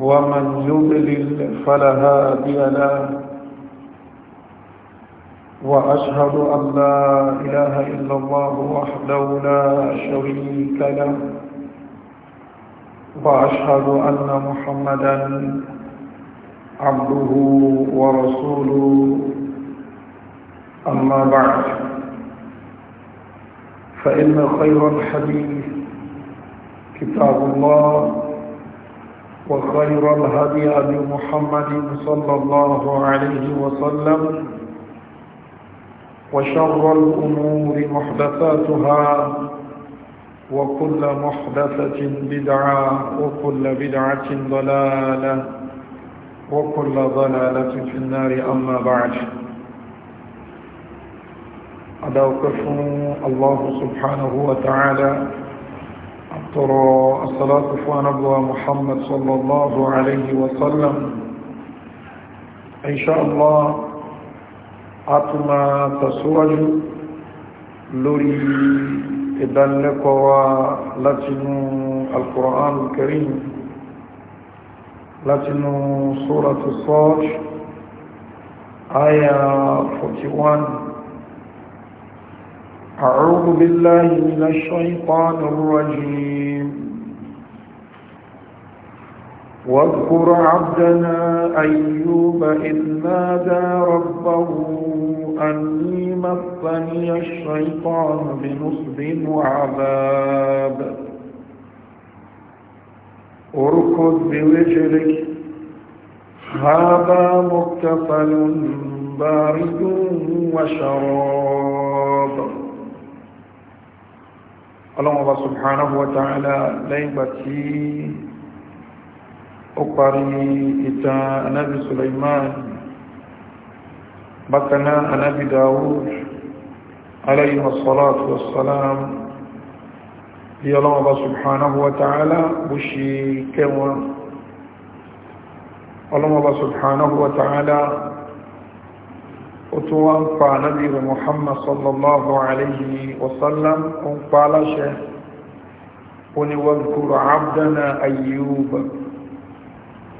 ومن يضلل فلا هادي له وأشهد أن لا إله إلا الله وحده لا شريك له وأشهد أن محمدا عبده ورسوله أما بعد فإن خير الحديث كتاب الله وخير الهدي أبي محمد صلى الله عليه وسلم وشر الأمور محدثاتها وكل محدثة بدعة وكل بدعة ضلالة وكل ضلالة في النار أما بعد أدوكف الله سبحانه وتعالى ترى الصلاة فوان أبوى محمد صلى الله عليه وسلم إن شاء الله أتما تسوج لري إذن لك ولتن القرآن الكريم لتن سورة الصاج آية 41 أعوذ بالله من الشيطان الرجيم واذكر عبدنا أيوب إذ نادى ربه أني مسني الشيطان بنصب وعذاب اركض برجلك هذا مكتفل بارد وشراب ọlọ́wọ́ba subhanahu wa ta'ala lẹ́yìngbà tí ó parí ìtàn anábi Sulaiman bákaná anábi Dawud alayhi wassalatu wassalam bí ọlọ́wọ́ba subhanahu wa ta'ala bó ṣe kẹwọn ọlọ́wọ́ba subhanahu wa ta'ala òtúnwà ń pa ànábì rẹ̀ Muhammad sallallahu alayhi wa sallam ń pa aláṣẹ oníwàlùkúrò abdana ayyuba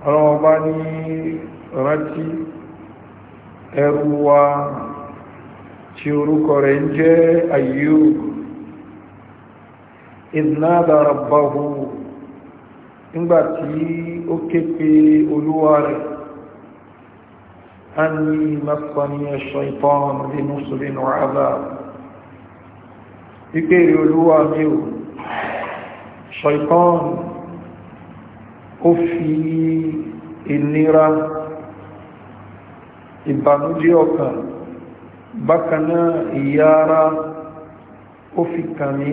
ọlọ́wọ́ bá ní rántí ẹrù wa tí orúkọ rẹ̀ ń jẹ́ ayyuba ìdínádà rabbahu nígbàtí ó képe olúwa rẹ̀ أني مسني الشيطان بنصب وعذاب ìpèrè olúwa mi ò ṣọ̀ìkan ó fi ìnira ìbànújẹ́ ọkàn bákanáà ìyára ó fi kàmí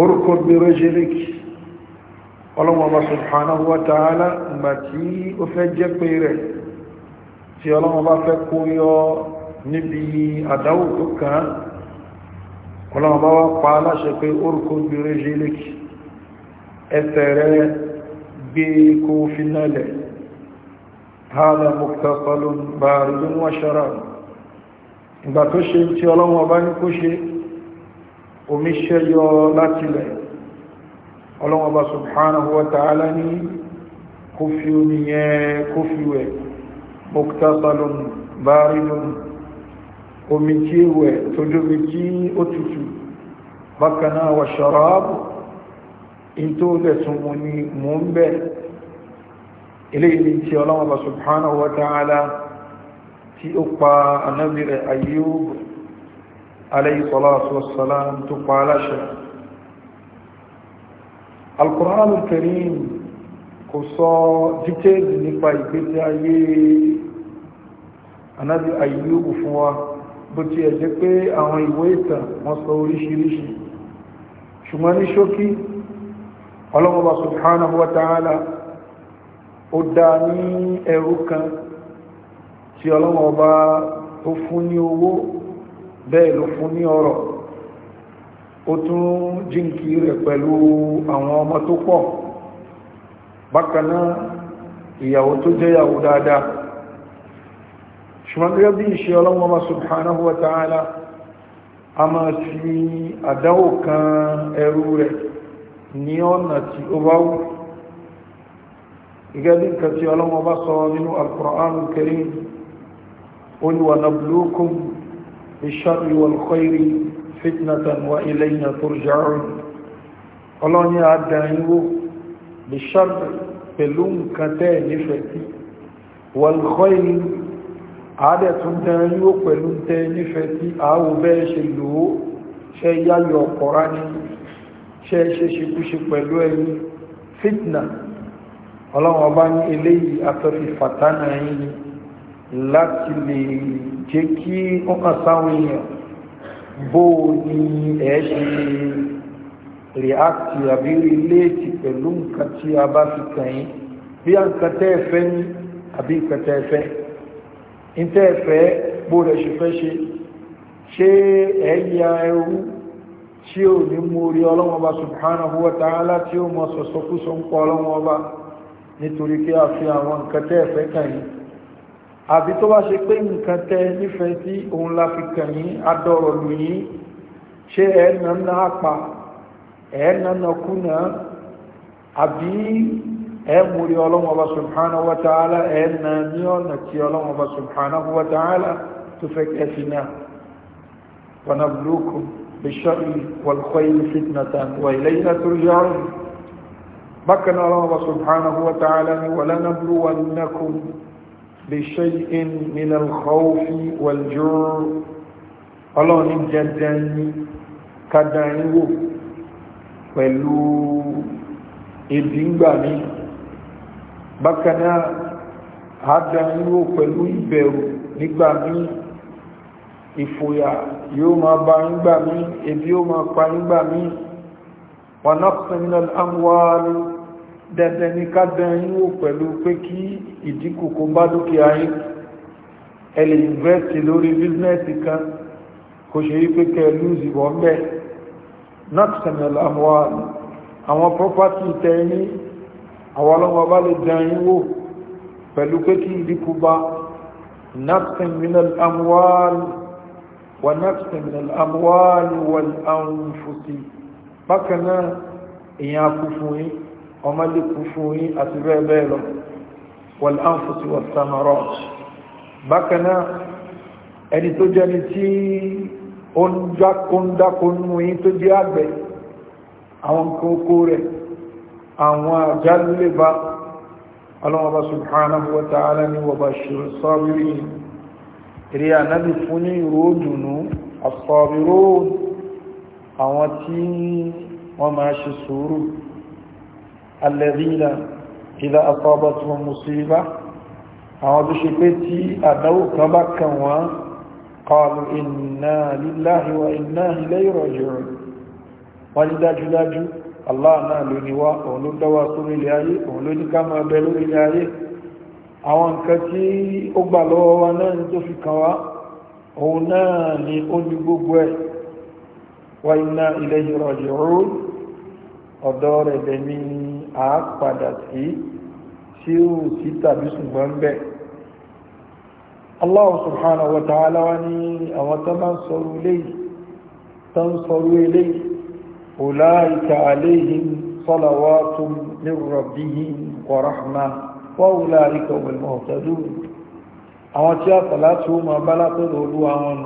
orúkọ gbèrò jẹ́ríkì ọlọ́wọ́ bá subhanahu wa ta'ala ìgbà tí ó fẹ́ jẹ́ pé rẹ̀ tí ọlọ́run bá fẹ́ kó yọ níbi àdáwò tó kàn ọlọ́run bá wá pa aláṣẹ pé orúkọ gbére ẹsẹ̀ gbé kó finalẹ̀ hádà mọ̀kàtàlùn bàárí ló wọ́n ìgbà tí ọlọ́run bá ní omi ọlọ́run bá subhanahu wa ta'ala ní kó fi muktasal baridun omi tí wẹ̀ tójú omi tí ó tutù bákanáà wà ṣọ́rọ́bù in tó lẹ́tún mú ní mú ń bẹ̀ ilé ìlú tí ọlọ́mọba subhanahu wa ta'ala tí ó pa anábìrẹ̀ Ayyub alayhi salatu tó pa aláṣẹ kò sọ dítéèlì nípa ìgbésí ayé anábì Ayúbù fún wa bó ti ẹ̀ jẹ́ pé àwọn ìwé ìtàn wọ́n sọ oríṣiríṣi ṣùgbọ́n ní ṣókí ọlọ́mọba subhanahu wa ta'ala ó dá ní ẹrú kan tí ọlọ́mọba tó fún ní owó bẹ́ẹ̀ ló fún ní ọrọ̀ ó tún jíǹkì rẹ̀ pẹ̀lú àwọn ọmọ tó pọ̀ bákan náà ìyàwó tó jẹ́ ìyàwó dáadáa ṣùgbọ́n gẹ́gẹ́ bí ìṣe ọlọ́wọ́ bá subhanahu wa ta'ala a máa fi àdáwò kan ẹrú rẹ̀ ní ọ̀nà tí ó bá gẹ́gẹ́ bí nǹkan tí ọlọ́wọ́ sọ nínú al-Qur'an al-Karim قل ونبلوكم بالشر والخير فتنة وإلينا ترجعون ọlọ́ni àdáyínwó bishọ́nà pẹ̀lú nǹkan tẹ́ nífẹ̀ẹ́ sí wọlkọ́ìlì àádẹ́tún tẹ́ yíó pẹ̀lú tẹ́ nífẹ̀ẹ́ sí àáwò bẹ́ẹ̀ ṣe lòó ṣe yáyọ ọ̀pọ̀rá ní ṣe ṣe ṣekúṣe pẹ̀lú fitna ọlọ́wọ́ bá ní eléyìí afẹ́fì fàtánà yìí láti lè jẹ́ kí ọkàn sáwọn èèyàn bóò ní ẹ̀ẹ́ ṣe react àbí relate pẹ̀lú nǹkan tí a bá fi kàn yín bí a nǹkan tẹ́ ẹ̀fẹ́ ní àbí nǹkan tẹ́ ẹ̀fẹ́ ń tẹ́ ẹ̀fẹ́ bó rẹ̀ ṣe fẹ́ ṣe ṣé ẹ̀yà ẹrú tí ò ní mú orí ọlọ́wọ́n bá subhanahu wa ta'ala tí ó mọ sọ̀sọ́kúsọ ń pọ̀ ọlọ́wọ́n nítorí kí a fi àwọn nǹkan tẹ́ ẹ̀fẹ́ kàn yín àbí tó bá ṣe pé nǹkan tẹ́ nífẹ̀ẹ́ sí òun la fi kàn yín adọ̀rọ̀ lù yín ṣé ẹ̀ nà ń náà pa ẹ̀ nánakúnà àbí ẹ̀ múrí ọlọ́mọba subhanahu wa ta'ala ẹ̀ na ní ọ̀nà tí ọlọ́mọba subhanahu wa ta'ala tó fẹ́ kẹfì náà wa nabluukum bisharri wal khayri fitnatan wa ilayna من الخوف والجوع ọlọ́run ní jẹjẹrin pẹ̀lú ìdíngbà ní bákanáà àádáyíwò pẹ̀lú ìbẹ̀rù nígbà ní ìfòyà yóò máa bá nígbà ní ebi yóò máa pa nígbà ní wọnọ́pẹ̀lú amúwárí dẹ̀dẹ̀ ní kádáyíwò pẹ̀lú pé kí ìdínkùkù bá dúkìá yìí ẹlẹ́ invest lórí bísínẹ́sì kan kò ṣe rí pé kẹ́ lùzì wọ́n bẹ́ẹ̀ nàkùsàmìlà àwọn àwọn pọ́pátì tẹ́yìn àwọn ọlọ́wọ́ bá lè dán yín wò pẹ̀lú pé kí ìdíkù bá nàkùsàmìlà àwọn ونفس من الأموال والأنفس بكنا إيا كفوي ومال كفوي أتبابيلو والأنفس والثمرات بكنا أن تجنتي ó ń dákó nínú yí tó jẹ́ àgbẹ̀ àwọn kókó rẹ̀ àwọn àjálúlébá ọlọ́wọ́ba subhanahu wa ta'ala ní ìró dùnú as-sabirun àwọn tí wọ́n máa ṣe sùúrù àwọn tó ṣe pé tí àdáwò kan bá kàn wọ́n قالوا إنا لله وإنا إليه راجعون ولداجداج الله نالو نوا اولو دوا سوري لاي اولو ني كما بلو لاي àwọn nǹkan tí ó gbà lọ́wọ́ wa náà ní tó fi kàn wá òun náà ni ó ní gbogbo ẹ̀ wa inna ilayhi raji'un ọ̀dọ́ rẹ̀ Allah subhanahu wa ta'ala wa ni àwọn tó máa ń sọrú léyìí tó ń sọrú eléyìí ulaika alayhim salawatun min rabbihim wa rahma wa ulaika humul muhtadun àwọn tí a salatu ma bala to do lu àwọn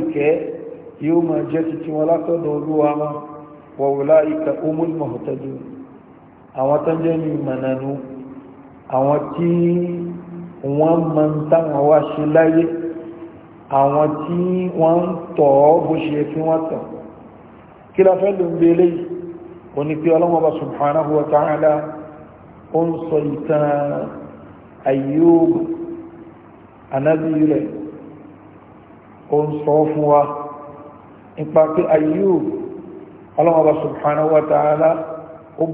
ike yóò máa jẹ́ títí wọn la to do lu wa ulaika humul muhtadun àwọn tan jẹ́ ni mananu àwọn tí wọ́n mọ táwọn wá ṣe láyé àwọn tí wọ́n ń tọ̀ ọ́ bó ṣe fi wọ́n tọ̀ kí la fẹ́ ló ń gbé eléyìí ó pé ọlọ́wọ́ subhanahu wa ta'ala ó ń sọ ìtàn Ayyub anábì rẹ̀ ó ń sọ wa ta'ala ó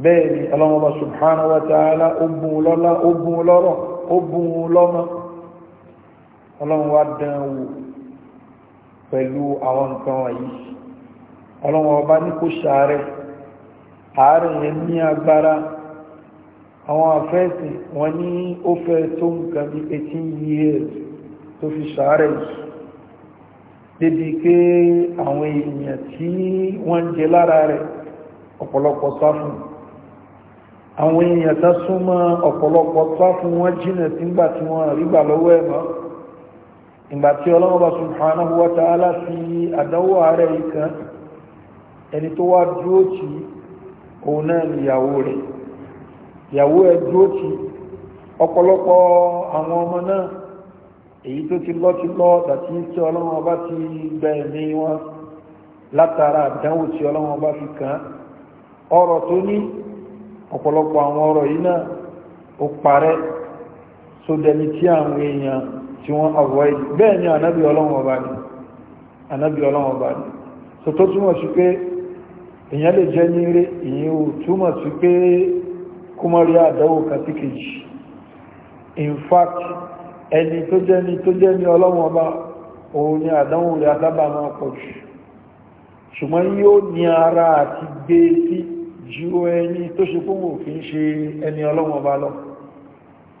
bẹ́ẹ̀ni ọlọ́mọba subhanahu wa ta'ala ogun lọ́lá ogun lọ́rọ̀ ogun lọ́mọ ọlọ́run wa dán wò pẹ̀lú àwọn nǹkan wọ̀nyí ọlọ́run ọba ní kò ṣàárẹ̀ àárẹ̀ yẹn ní agbára àwọn afẹ́ẹ̀sì wọ́n ní ó fẹ́ tó nǹkan bí 18 years tó fi ṣàárẹ̀ yìí àwọn èèyàn tí wọ́n jẹ lára rẹ̀ ọ̀pọ̀lọpọ̀ sáfún àwọn èèyàn tó súnmọ́ ọ̀pọ̀lọpọ̀ tó fún wọn jìnà tí ńgbà tí wọ́n rígbà lọ́wọ́ ẹ̀ mọ́ ìgbà tí ọlọ́mọba subhanahu wa ta'ala fi àdánwò ààrẹ yìí kan ẹni tó wá dúró tì í òun náà ni ìyàwó rẹ̀ ìyàwó ẹ̀ dúró tì í ọ̀pọ̀lọpọ̀ àwọn ọmọ náà èyí tó ti lọ ti lọ tí ọlọ́mọba ti gba ẹ̀mí wọn látara àdánwò tí ọlọ́mọba fi kàn ọ̀rọ̀ tó ní ọ̀pọ̀lọpọ̀ àwọn ọ̀rọ̀ yìí náà ó parẹ́ so dẹni tí àwọn èèyàn tí wọ́n avoid bẹ́ẹ̀ ni ànábì ọlọ́run ọba ni ànábì ọlọ́run ọba ni so tó túmọ̀ sí pé èèyàn lè jẹ́ ní eré èyí ò túmọ̀ sí pé kó mọ́ kàtí kejì in fact ẹni tó jẹ́ ni tó jẹ́ ni ọlọ́run ọba òun ni àdánwò rẹ̀ asábà máa pọ̀ jù ṣùgbọ́n yóò ní ara àti gbé sí ju ẹni tó ṣe fún òfin ṣe ẹni ọlọ́wọ́n ọba lọ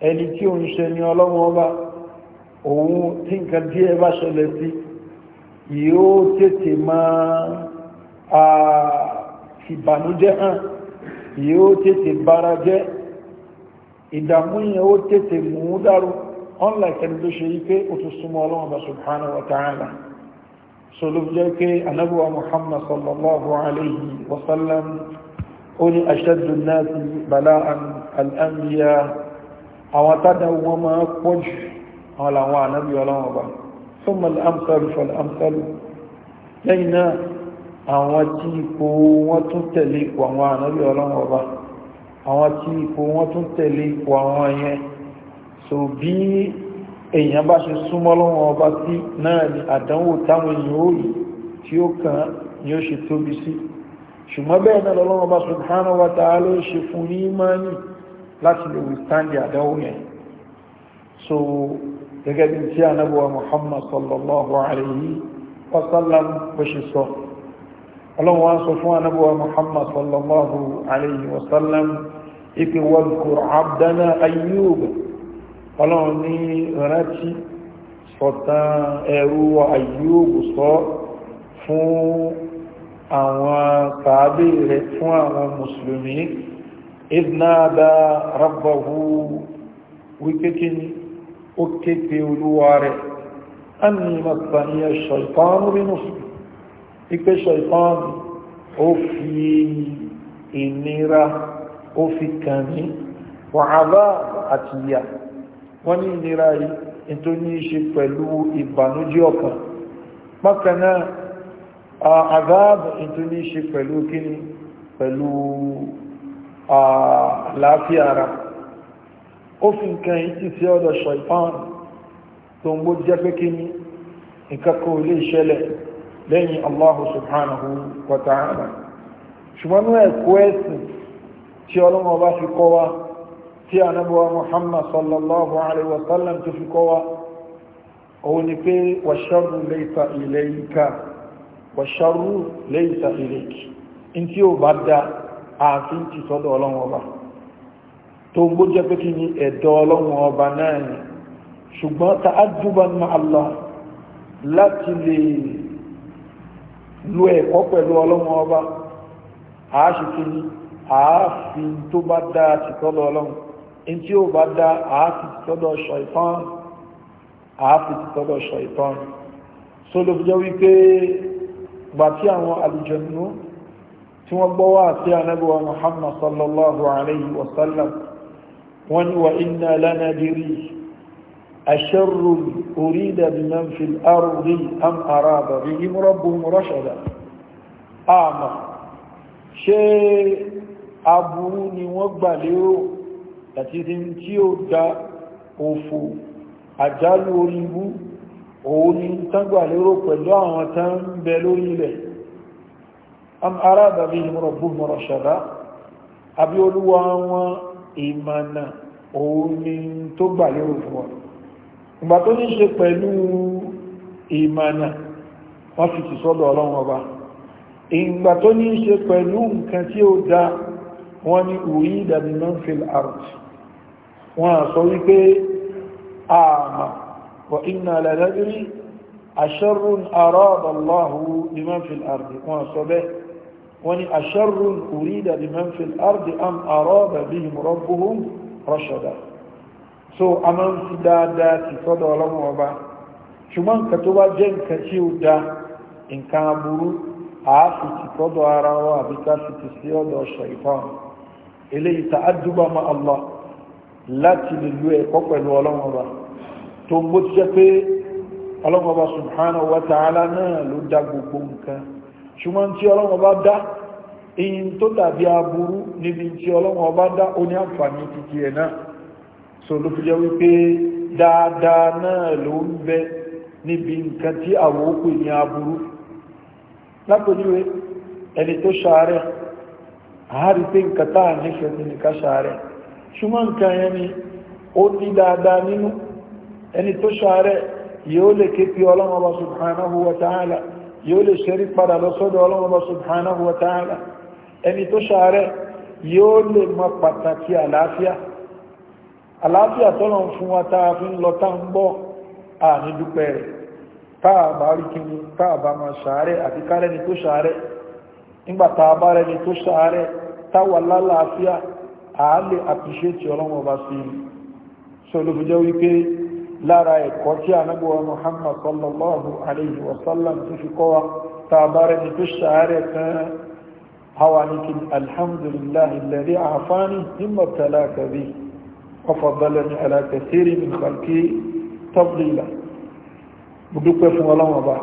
ẹni tí ó ń ṣe ẹni ọlọ́wọ́n ọba òun tí nǹkan díẹ̀ bá ṣẹlẹ̀ sí yóò tètè máa ìbànújẹ́ hàn yóò tètè bára jẹ́ ìdàmú yẹn ó tètè mú dárú unlike ẹni tó ṣe yí ó tún súnmọ́ ọlọ́wọ́n ọba subhanahu wa ta'ala pé anábùwà muhammad sallallahu alayhi wa sallam ó ní aṣẹ́dùn náà ti bàlá al'ambiya àwọn tádà wọn máa pọ̀ jù àwọn làwọn ànábì ọlọ́wọ́ bá sọ́mọ̀ al'amsalu fal'amsalu lẹ́yìn náà àwọn tí ipò wọn tún tẹ̀lé ipò àwọn ànábì ọlọ́wọ́ bá àwọn tí ipò wọn tún tẹ̀lé àwọn yẹn so bí èèyàn bá ṣe súnmọ́ lọ́wọ́ ọba sí náà ni àdánwò táwọn èèyàn ó yìí tí ó kàn ni ó ṣe tóbi sí si ṣùgbọ́n bẹ́ẹ̀ náà lọ́lọ́run bá subhanahu wa ta'ala ló ṣe fún ní imani láti lè withstand àdáwò yẹn so gẹ́gẹ́ bí tí anábọ̀wà muhammad sallallahu alayhi wa sallam bó ṣe sọ ọlọ́run wá sọ fún anábọ̀wà muhammad sallallahu alayhi wa sallam ipe wadhkur abdana ayyub ọlọ́run ní rántí sọ̀tàn ẹrú ayyub sọ fún àwọn tàbí rẹ̀ fún àwọn mùsùlùmí ìdínáàdá rabbahu wípé kí ni ó kéèké olúwa rẹ̀ anni masaniya ṣaitanu rínú ipé ṣaitanu ó fi ìnira ó fi kàní wàhálà àtìyà wọ́n ní ìnira yìí tó ní í pẹ̀lú ìbànújẹ́ ọkàn bákan azab tó ní ṣe pẹ̀lú kíni pẹ̀lú àlàáfíà ara ó fi nǹkan yìí ti sí ọ̀dọ̀ ṣọ̀ìpán tó ń bó jẹ́ pé kíni nǹkan kò lè ṣẹlẹ̀ lẹ́yìn Allahu subhanahu wa ta'ala ṣùgbọ́n ní ẹ̀kọ́ ẹ̀sìn tí ọlọ́mọ bá fi kọ́ wa tí anábọ̀wá Muhammad sallallahu alaihi wa tó fi kọ́ wa òun ni pé wa sharru laysa ilayka wọ̀ṣọ́rú lẹ́yìn sàfihàn in tí ó bá dá ààfin ti sọ́dọ̀ ọlọ́run ọba tó ń gbó jẹ́ pé kí ni ẹ̀dọ̀ ọlọ́run ọba náà ni ṣùgbọ́n ta ájúbà ní Allah láti lè lo ẹ̀kọ́ pẹ̀lú ọlọ́run ọba àáṣìkí ni ààfin tó bá dá ti sọ́dọ̀ ọlọ́run in tí ó bá dá ààfin ti sọ́dọ̀ ṣàítán ààfin gbà tí àwọn àlùjànnú tí wọ́n gbọ́ wá sí ànábì wa muhammad sallallahu alayhi wa sallam wọ́n ní wa inna lanadiri asharru urida biman fil ardi am arada bihim rabbuhum rashada àmà ṣé aburú ni wọ́n gbà lérò àti tí ó da òfò àjálù orí òun ni tágbà lérò pẹ̀lú àwọn tán ń bẹ lórí ilẹ̀ am ara dàbí ìmọ̀rọ̀bù mọ̀rọ̀ ṣàdá àbí olúwa wọn ìmànà òun ni tó gbà lérò fún wọn ìgbà tó ní ṣe pẹ̀lú ìmànà wọ́n fi ti sọ́dọ̀ ọlọ́run ọba ìgbà tó ní ṣe pẹ̀lú nǹkan tí ó dá wọ́n ní orí ìdàbí manfield art wọ́n sọ wípé àmà وإنا لا ندري أشر أراد الله بمن في الأرض ونصبه وني أشر أريد بمن في الأرض أم أراد بهم ربهم رشدا so a máa ń fi dáadáa ti sọ́dọ̀ ọlọ́run ọba ṣùgbọ́n nǹkan tó bá jẹ́ nǹkan tí ó da nǹkan aburú àáfi ti sọ́dọ̀ ara wa àbí ká sì ti sí ọ̀dọ̀ ṣàìfọ́n eléyìí ta àdúgbò Allah láti lè lu ẹ̀kọ́ pẹ̀lú ọlọ́run ọba tó ń bó ti jẹ́ pé ọlọ́mọba subhanahu wa ta'ala náà ló dá gbogbo nǹkan ṣùgbọ́n tí ọlọ́mọba dá èyí tó dàbí aburú níbi tí ọlọ́mọba dá ó ní àǹfààní títí ẹ̀ náà so ló fi jẹ́ wípé dáadáa náà ló ń bẹ níbi nǹkan tí àwọn òkú ní aburú lápòjúwé ẹni tó ṣàárẹ̀ àárí pé nǹkan táà nífẹ̀ẹ́ nìkan ṣàárẹ̀ ṣùgbọ́n nǹkan yẹn ni ó ní dáadáa nínú ẹni tó ṣàárẹ̀ yóò lè ké pé ọlọ́run ọba subhanahu wa ta'ala yóò lè ṣẹ́rí padà lọ sọ́dọ̀ ọlọ́run ọba subhanahu wa ta'ala ẹni tó ṣàárẹ̀ yóò lè mọ pàtàkì àlàáfíà àlàáfíà tọ́lọ̀ ń fún wa tá a fi ń lọ tá ń bọ̀ àní dúpẹ́ rẹ̀ káàbà rí kí ni káàbà máa ṣàárẹ̀ àti kárẹ́ni tó ṣàárẹ̀ nígbà tá lára ẹ̀kọ́ tí anábíwa muhammad sallallahu alayhi wa sallam ti fi kọ́ wa tàbára ni tó ṣàárẹ̀ tán hawa ní kí alhamdulillah alladhi àfáàní nígbà tàlákà bí ọfọ̀dọ́lẹ̀ ala kathiri min khalqi tọ́bìlá dúpẹ́ fún ọlọ́wọ́n bá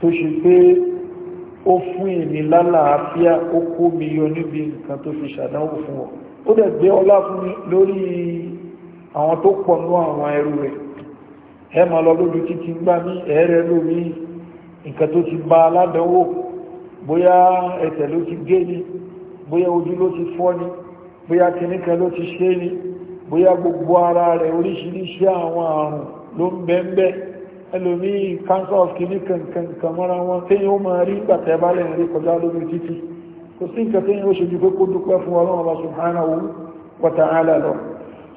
tó ṣe pé ó fún èmi lálàáfíà ó kó mi yọ níbi nǹkan tó fi ṣàdánwò fún ọ ó dẹ̀ gbé ọlá fún mi lórí àwọn tó pọ̀ nú àwọn ẹrú rẹ̀ ẹ ma lọ lójú títí gbá mí ẹ̀ẹ́rẹ́ lómi nǹkan tó ti bá aládánwò bóyá ẹsẹ̀ ló ti gé ni bóyá ojú ló ti fọ́ ni bóyá kìnnìkan ló ti ṣe ni bóyá gbogbo ara rẹ̀ oríṣiríṣi àwọn àrùn ló ń bẹ́ńbẹ́ ẹlòmí cancer of kìnnìkan kankan mọ́ra wọn téèyàn ó ma rí gbàtẹ́ bá lẹ́yìn rí kọjá lójú títí kò sí nǹkan ó ṣojú pé kó dúpẹ́ fún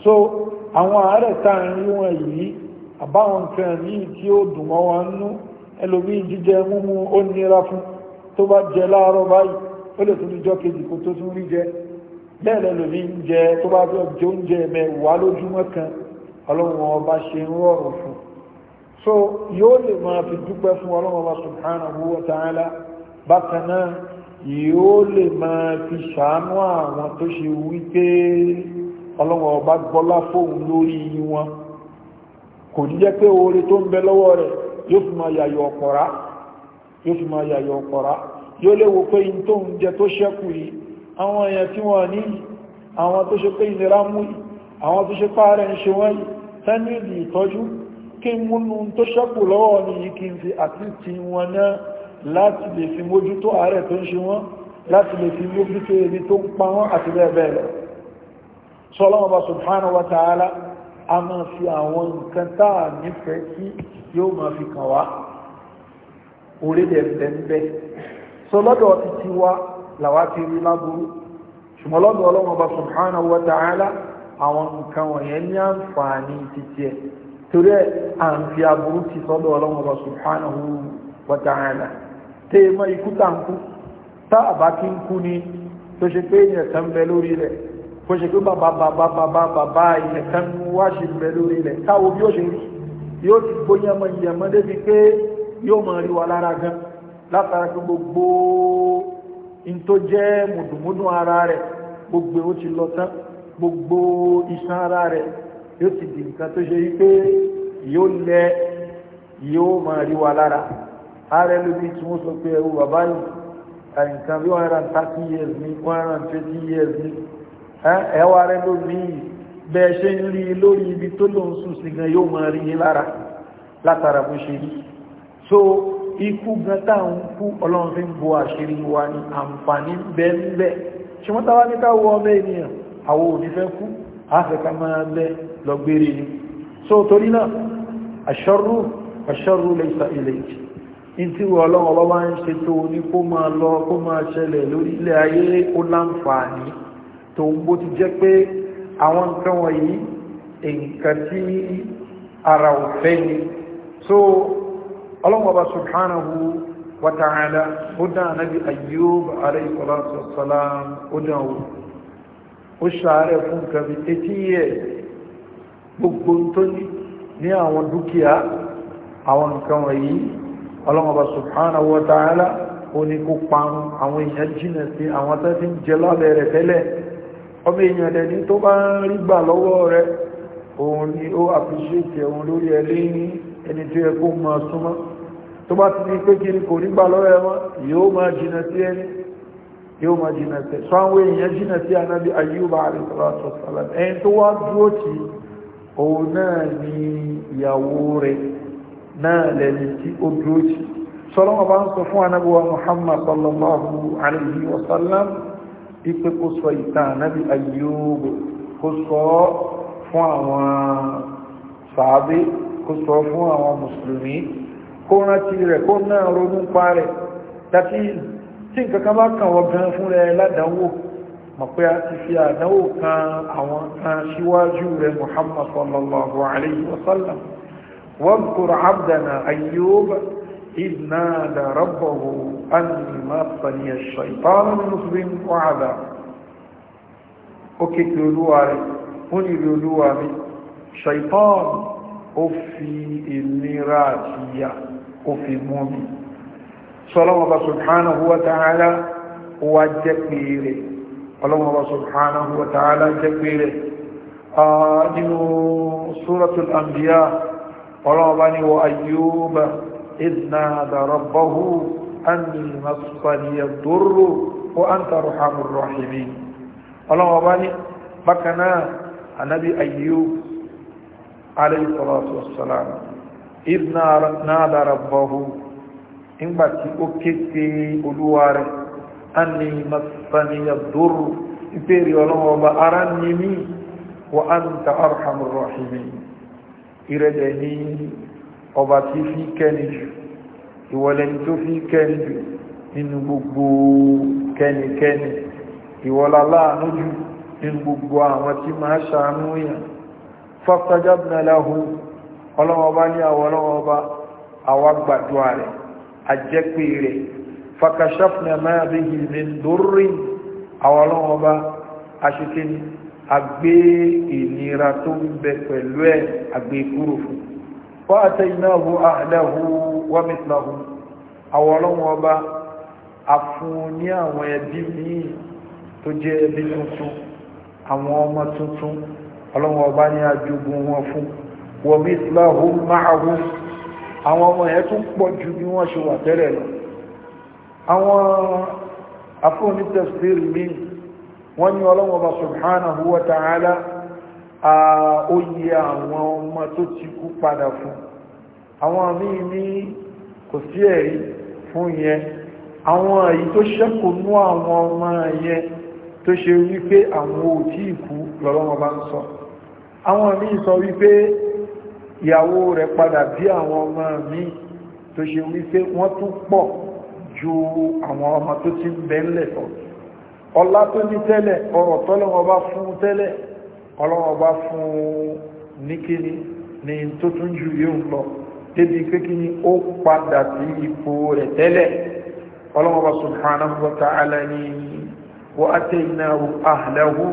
so àwọn ààrẹ wọn yìí àbáwọn nǹkan yìí tí ó dùn mọ́ wọn nú ẹlòmí jíjẹ múmú ó nira fún tó bá jẹ láàárọ̀ báyìí ó lè tún jọ kejì kó tó tún rí jẹ bẹ́ẹ̀ lẹ́lòmí ń jẹ tó bá jẹ oúnjẹ mẹ́wàá lójúmọ́ kan ọlọ́run ọba ṣe ń rọrùn fún so yóò lè máa fi dúpẹ́ fún ọlọ́run ọba subhanahu wa ta'ala bákan náà yóò lè máa fi ṣàánú àwọn tó ṣe wípé ọlọ́run ọba gbọ́lá fóun lórí wọn kò ní jẹ́ pé oore tó ń bẹ lọ́wọ́ rẹ̀ yóò fi máa yàyọ̀ ọ̀pọ̀rá yóò fi máa yàyọ̀ ọ̀pọ̀rá yóò léwo pé in tó ń jẹ tó ṣẹ́kù yìí àwọn èèyàn tí wọ́n ní àwọn tó ṣe pé ìnira mú yìí àwọn tó ṣe pààrẹ ń ṣe wọ́n yìí tẹ́nìdì ìtọ́jú kí n múnú tó ṣẹ́kù lọ́wọ́ a máa fi àwọn nǹkan táà nífẹ̀ẹ́ sí yóò máa fi kàn wá orílẹ̀ ẹ̀bẹ̀ so lọ́dọ̀ ti ti wá làwá ti rí lágbúrú ṣùgbọ́n lọ́dọ̀ ọlọ́run ọba subhanahu wa ta'ala àwọn nǹkan wọ̀nyẹn ní àǹfààní títí ẹ̀ torí ẹ̀ à ń fi aburú ti sọ́dọ̀ ọlọ́run ọba subhanahu wa ta'ala tẹ́ ẹ mọ́ ikú tàǹkú tá àbá kí ń kò ṣe pé bàbá bàbá bàbá bàbá ilẹ̀ kan wá ṣe ń bẹ lórí ilẹ̀ káwo bí ó ṣe rí yóò ti gbóyànmọ́ ìyẹ̀mọ́ débi pé yóò mọ̀ rí wa lára gan látara pé gbogbo in tó jẹ́ mùdùmúdù ara rẹ̀ gbogbo ó ti lọ tán gbogbo iṣan ara rẹ̀ yóò ti di nǹkan tó ṣe wípé yóò lẹ yóò mọ̀ rí wa lára ààrẹ lóbi tí wọ́n sọ pé ẹ̀rù bàbá yìí nǹkan bí one hundred and thirty years ni one hundred and twenty years ni ẹwà rẹ lómi bẹ́ẹ̀ ṣe ń rí lórí ibi tó ló ń sùn sí gan yóò máa rí yín lára látara bó ṣe rí so ikú gan táwọn kú ọlọ́run fi ń bo àṣírí wa ní àǹfààní bẹ́ẹ̀ ṣe wọ́n táwa ní káwọ ọmọ ènìyàn àwọn so torí náà àṣọ́rú àṣọ́rú lè sa ilẹ̀ ìjì in tí wọ́n ọlọ́run ọlọ́wọ́ ń ṣètò ní kó máa lọ kó máa ṣẹlẹ̀ lórí ilẹ̀ ayé ó láǹfààní tó ń bó ti jẹ́ pé àwọn nǹkan wọ̀nyí nǹkan tí ara ò fẹ́ ni so ọlọ́mọba subhanahu wa ta'ala ó dá ànábì Ayyub alayhi salatu wassalam ó dá wò ó ṣàárẹ̀ fún nǹkan bí etí yẹ gbogbo tó ní àwọn dúkìá àwọn nǹkan wọ̀nyí ọlọ́mọba subhanahu wa ta'ala ó ní kó parun àwọn èèyàn jìnà sí àwọn tó ń jẹ lábẹ́ rẹ̀ tẹ́lẹ̀ ọmọ èèyàn ẹni tó bá ń rí gbà lọ́wọ́ rẹ̀ òun ni ó appreciate ẹ̀wọ̀n lórí ẹlẹ́ ní ẹni tó yẹ kó máa súnmọ́ tó bá ti ní pé kiri kò ní gbà lọ́wọ́ ẹ̀wọ̀n yóò máa jìnà sí ẹni yóò máa jìnà sí sọ àwọn èèyàn ipe kó sọ ìtàn ànábì ayúbù kó sọ fún àwọn sàábé kó sọ fún àwọn mùsùlùmí kó rántí rẹ̀ kó náà ronú pa rẹ̀ tàbí tí nǹkan kan bá kàn wọ́n gan fún rẹ̀ ládàáwò mọ̀ pé a ti fi àdánwò kan àwọn kan síwájú rẹ̀ muhammad sallallahu alayhi wa sallam wọ́n kúrò abdana ayúbù إذ نادى ربه أني مسني الشيطان بنصب وعذاب أوكي لولواري هني لولواري شيطان أفي الميراتية أفي مومي صلى الله سبحانه وتعالى وجبيره الله سبحانه وتعالى جبيره آه سورة الأنبياء الله وأيوب إذ نادى ربه أني مسني الضر وأنت أرحم الراحمين اللهم بارك بكنا النبي أيوب عليه الصلاة والسلام إذ نادى ربه إنبا تي أوكيكي أولواري أني مسني الضر إبيري اللهم بأرني وأنت أرحم الراحمين إرجعني ọba tí fi kẹ́ni jù ìwọlẹ́ni tó fi kẹ́ni jù nínú gbogbo kẹ́nikẹ́ni ìwọlá láàánú jù nínú gbogbo àwọn tí máa ṣàánú yàn fastajabna lahu ọlọ́wọ́ba ní àwọn ọlọ́wọ́ba àwọn fakashafna ma bihi min durrin àwọn ọlọ́wọ́ba aṣèkéni àgbé ìnira tó ń bẹ pẹ̀lú ẹ̀ àgbé e kúrò fún fàtẹ́yìnáwó àhàdáwó wàmìtìláwó àwọn ọlọ́wọ́ ọba afún ní àwọn ẹbí míì tó jẹ́ ẹbí tuntun àwọn ọmọ tuntun ọlọ́wọ́ ọba ní àjogún wọn fún wàmìtìláwó máàwó àwọn ọmọ ẹ̀ tún pọ̀ ju bí wọ́n ṣe wà tẹ́lẹ̀ lọ àwọn afún ní wọ́n ní ọlọ́wọ́ ọba subhanahu wa ta'ala ó yẹ àwọn ọmọ tó ti kú padà fún àwọn míì ní kò sí ẹ̀rí fún yẹn àwọn èyí tó ṣẹ́kù mú àwọn ọmọ yẹn tó ṣe wípé àwọn ò tí ìkú lọ́lọ́wọ́ bá ń sọ àwọn míì sọ wípé ìyàwó rẹ̀ padà bí àwọn ọmọ míì tó ṣe wípé wọ́n tún pọ̀ ju àwọn ọmọ tó ti ń bẹ́ńlẹ̀ lọ ọlá tó ní tẹ́lẹ̀ ọ̀rọ̀ tọ́lọ́wọ́ bá fún tẹ́lẹ̀ ọlọ́wọ́ bá fún ní kíní ní tó tún ju yóò lọ débi pé kíní ó padà sí ipò rẹ̀ tẹ́lẹ̀ ọlọ́wọ́ bá subhanahu wa ta'ala ní wa ataynahu ahlahu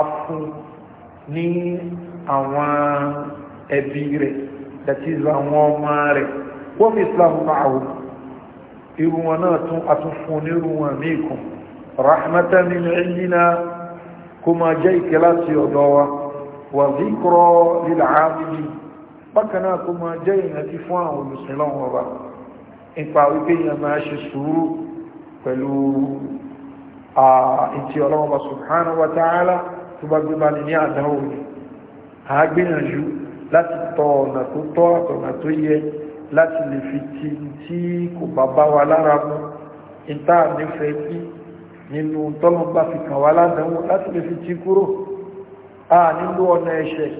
afún ní àwọn ẹbí rẹ̀ that is àwọn ọmọ rẹ̀ wọ́n fi islam máa irun wọn náà tún atúnfún onírun wọn ní ìkùn rahmatan min indina kó máa jẹ́ ìkẹ́ láti ọ̀dọ̀ wa wà zíkọrọ lílà áàmìlì bákan náà kó máa jẹ́ ìrántí fún àwọn olùsìn lọ́wọ́ wa nípa wípé èèyàn máa ṣe sùúrù pẹ̀lú ìtì ọlọ́wọ́ subhanahu wa ta'ala tó bá gbé bani ní àdáwò ìta nífẹ̀ẹ́ nínú tọ́lọ́gbà fi kàn wá ládánwò láti lè fi tí kúrò a nílò ọ̀nà ẹ̀ṣẹ̀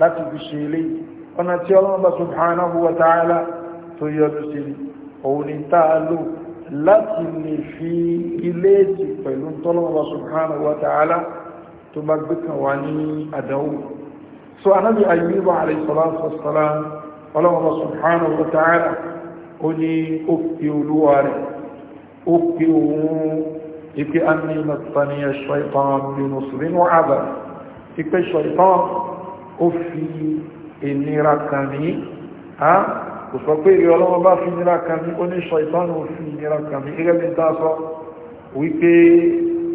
láti fi ṣe ilé ọ̀nà tí ọlọ́mọba subhanahu wa ta'ala tó yọdún sí òun ni táà lò láti lè fi ilé ti pẹ̀lú tọ́lọ́mọba subhanahu wa ta'ala tó bá gbé ipe anni masaniya shaitan bin usrin wa aba ipe shaitan ó fi ìnira kan ní a kò sọ pé ìrẹ ọlọ́wọ́ bá fi ìnira kan ní ó ní shaitan ó fi ìnira kan ní gẹ́gẹ́ bí ta sọ wípé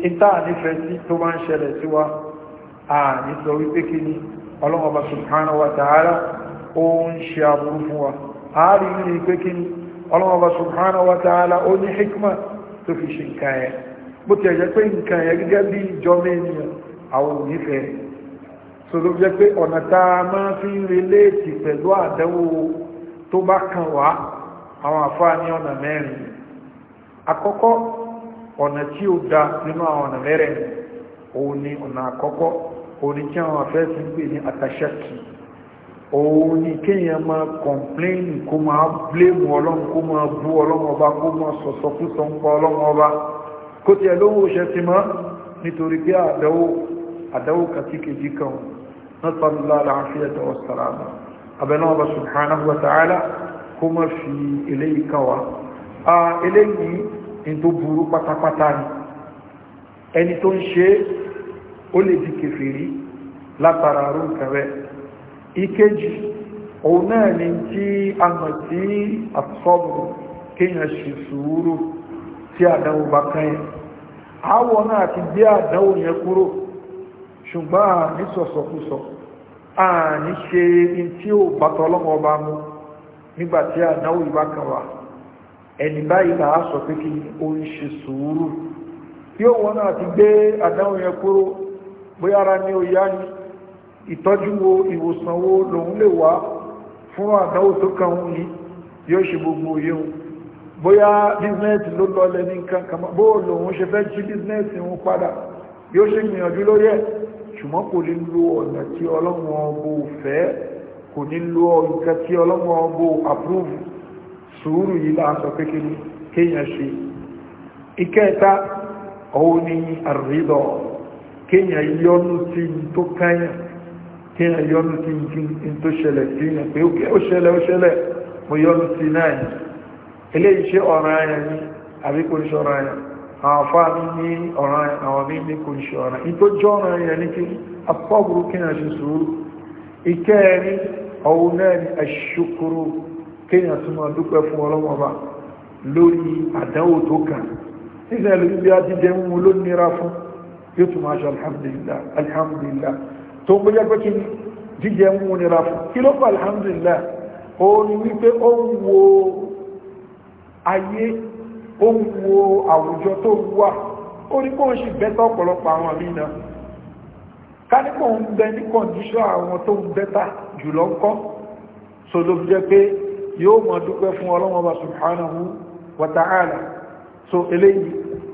ìta nífẹ̀ẹ́ sí tó wa a ní sọ wípé kí ni ọlọ́wọ́ bá subhanahu wa ta'ala ó ń ṣe aburú fún wa a rí ní pé kí ni ọlọ́wọ́ subhanahu wa ta'ala ó ní hikma tó fi ṣe nǹkan yẹn bó ti ẹ̀jẹ̀ pé nǹkan ẹ̀ gẹ́gẹ́ bí ìjọba ènìyàn àwọn ònífẹ́ so ló jẹ́ pé ọ̀nà tá a máa fi ń reléètì pẹ̀lú àdánwò tó bá kan wá àwọn àfáà ní ọ̀nà mẹ́rin àkọ́kọ́ ọ̀nà tí ó da nínú àwọn ọ̀nà mẹ́rin òun ni ọ̀nà àkọ́kọ́ òun ni kí àwọn afẹ́ fi ń pè ní àtàṣẹ́kì òun ni kéèyàn máa kọ̀ǹpléènì kó máa bléèmù ọlọ́run kó máa bú ọlọ́run ọba kó máa sọ̀sọ̀kúsọ̀ ń ọlọ́run ọba kó tí ẹ lówó ṣe ti mọ́ nítorí pé àdáwó àdáwó kàtí kejì kan nasalula alafiyata wa salama abẹ́nà ọba subhanahu wa ta'ala kó mọ́ fi eléyìí kan wá a eléyìí in tó burú pátápátá òun náà ni tí a mọ̀ sí àtọ́bù kéèyàn ṣe sùúrù tí àdáwò bá kẹ́yìn àwọ̀ náà ti gbé àdánwò yẹn kúrò ṣùgbọ́n àní sọ̀sọ̀kúsọ àní ṣe in tí ó bàtọ̀ ọlọ́mọ ọba mú nígbàtí àdánwò ìbá kan wà ẹni báyìí là sọ pé o ń ṣe sùúrù tí ó wọn náà ti gbé àdánwò yẹn kúrò bóyá ara ní ni ìtọ́jú wo ìwòsàn wo lòun fún tó yóò gbogbo bóyá bíznẹ́sì ló lọlẹ̀ ní nǹkan kama bó lòun ṣe fẹ́ jí bíznẹ́sì ń padà bí ó ṣe gbìyànjú lórí ẹ̀ ṣùgbọ́n kò ní lo ọ̀nà tí ọlọ́run ọbọ̀ fẹ́ kò ní lo nǹkan tí ọlọ́run ọbọ̀ approve sùúrù yìí láàṣọ kékeré kéèyàn ṣe ìkẹta òun ni àrídọ̀ kéèyàn yọnu sí tó káyàn kéèyàn yọnu sí tó ṣẹlẹ̀ sí yàn pé ó ṣẹlẹ̀ ó ṣẹlẹ̀ mo yọnu sí náà eléyìí ṣe ọ̀ràn ayẹ ní àbí kò ṣe ọ̀ràn ayẹ àwọn afáàmì ní ọ̀ràn ayẹ àwọn mí ní kò ṣe ọ̀ràn ìtó jọ ọ̀ràn ayẹ ní kí apọ́bùrú kí náà ṣe sùúrù ìkẹrin ọ̀hún náà ni aṣukuru kéèyàn tún máa dúpẹ́ fún ọlọ́mọba lórí àdánwò tó kàn ó ní wípé ó ń wo ayé ó ń wo àwùjọ tó wà ó ní kó ń ṣe bẹ́tọ̀ ọ̀pọ̀lọpọ̀ àwọn àmì náà ká ní ń bẹ ní kọ̀ǹdíṣọ́ àwọn tó ń bẹ́tà jùlọ kọ́ so ló fi jẹ́ pé yóò mọ̀ dúpẹ́ fún ọlọ́mọba subhanahu wa so eléyìí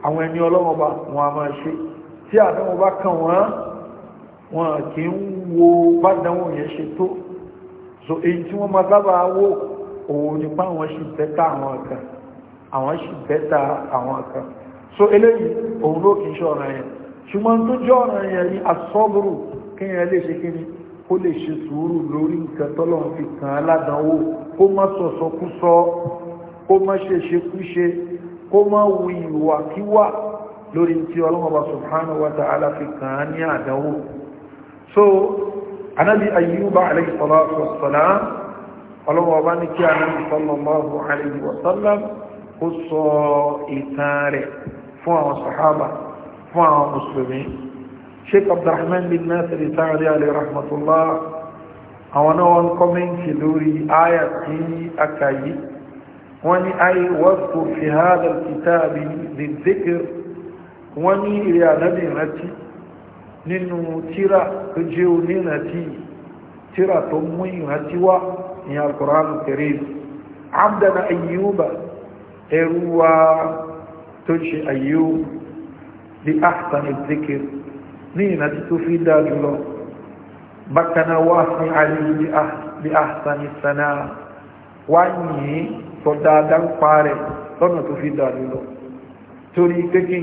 àwọn ẹni ọlọ́mọba wọn a máa ṣe tí àdánwò bá kàn wọ́n wọn kì ń wo bádánwò yẹn ṣe tó so èyí tí wọ́n máa sábà wò òun nípa àwọn ṣe bẹ́tà àwọn kan àwọn sì bẹ́ta àwọn kan so eléyìí òun ló kìí ṣe ọ̀ràn yẹn ṣùgbọ́n tó jẹ́ ọ̀ràn yẹn ní asọ́bùrù kí yẹn lè ṣe kíni ó lè ṣe sùúrù lórí nǹkan tọ́lọ́run fi kàn án ládánwò kó má sọ̀sọ̀ kú sọ kó má ṣe ṣe kú ṣe kó má wu ìwàkíwà lórí tí ọlọ́mọba subhanahu wa ta'ala fi kàn án ní àdánwò so anabi ayyuba alayhi salatu wa salam ọlọ́mọba ní kí anabi sallallahu alayhi wa sallam ó sọ ìtàn rẹ̀ fún àwọn sàhábà fún àwọn mùsùlùmí sheikh abdulrahman bin nasir sa'adi alayhi rahmatullah àwọn náà wọ́n kọ́mẹ́ntì lórí àyà tí a kà yìí wọ́n ní ayé wọ́pù fi hádà kìtàbí lè zikir wọ́n ní ìrìn ànábì rántí nínú tíra tó jẹ́ onírántí tíra tó mú ìrántí wá ní alkùránù karim abdana ayyuba ẹrú wa tó ṣe di bí ahsan ìdíkir ní ìrántí tó fi dá jùlọ bákaná wá sí àríyí bí ahsan ìsaná wá yìí tó dáadáa ń pa rẹ̀ lọ́nà tó fi dá jùlọ torí kékí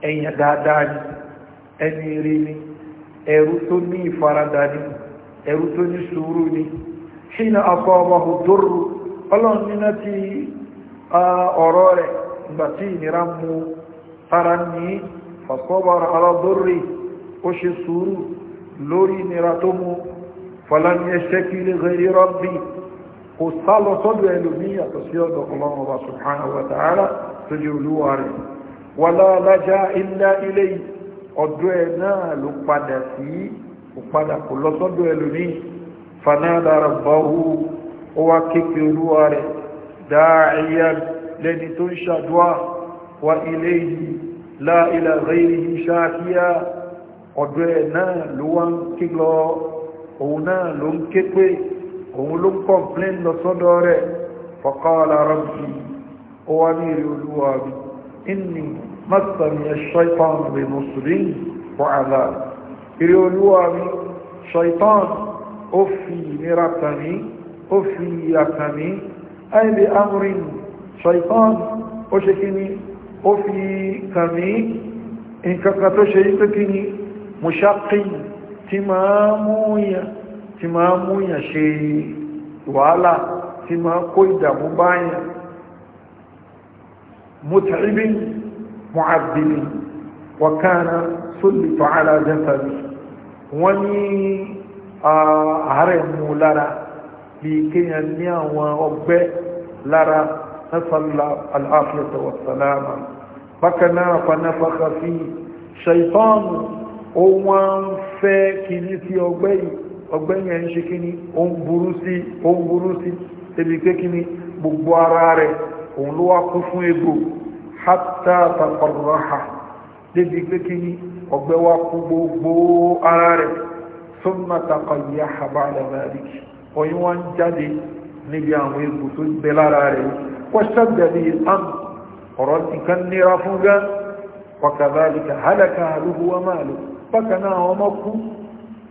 ẹ̀yìn dáadáa ni ẹni rí ni ẹrú tó ní ìfaradà ni tó ní sùúrù ni na akọ́ ọmọ hù ọlọ́run níná ti ọ̀rọ̀ rẹ̀ ìgbàtí ìnira mú tara ní fasabara ala durri ó ṣe sùúrù lórí ìnira tó mú falan yashtaki li ghayri rabbi kò sá lọ sọ́dọ̀ ẹlòmí yàtọ̀ sí ọ̀dọ̀ ọlọ́run ọba subhanahu wa ta'ala tó jẹ́ olúwa rẹ̀ wala laja illa ilayhi ọ̀dọ̀ ẹ̀ náà ló padà sí ó wá kéèkì olúwa rẹ̀ dáàíyà lẹ́ni tó ń ṣàdúwà wa ilé yìí láìlà rẹ̀ ṣáàkíyà ọ̀dọ̀ ẹ̀ náà ló wá ń kí lọ òun náà ló ń ké pé òun ló ń kọ̀m̀plẹ́n lọ sọ́dọ̀ rẹ̀ faqala rabbi ó fi ìnira tàn ó fi àkànmí àìbí amúrin ṣàìtàn ó ṣe kí ni ó fi kànmí nǹkankan tó ṣe yípe kí ni mùṣákì tí máa múyàn ṣe wàhálà tí máa kó ìdàmú báyàn mut'ibin mu'addilin wa kana sullitu ala wọ́n ní ààrẹ mú lára bí kéèyàn ní àwọn ọgbẹ́ lára nasalla al'afiyata wa salama bákan náà fanafaka fi shaitan ó wọ́n fẹ́ kí ní sí ọgbẹ́ yìí ọgbẹ́ yẹn ń ṣe kíní ó ń burú sí ó ń burú sí ebi pé kíní gbogbo ara rẹ̀ òun ló wá kún fún egbò hátà tàkọ̀rọ̀ha débi pé kíní ọgbẹ́ wá kún gbogbo ara rẹ̀ sọ́nà tàkọ̀ yìí àhàbà àdàbà ọyún wọn jáde níbi àwọn egbò tó bẹ lára rẹ̀ kọ́ṣẹ́gbẹ̀bí àn ọ̀rọ̀ nìkan nira fún gán wàkàbálìkà hálàkà àlúhuwa máa lò bákanáà àwọn ọmọkú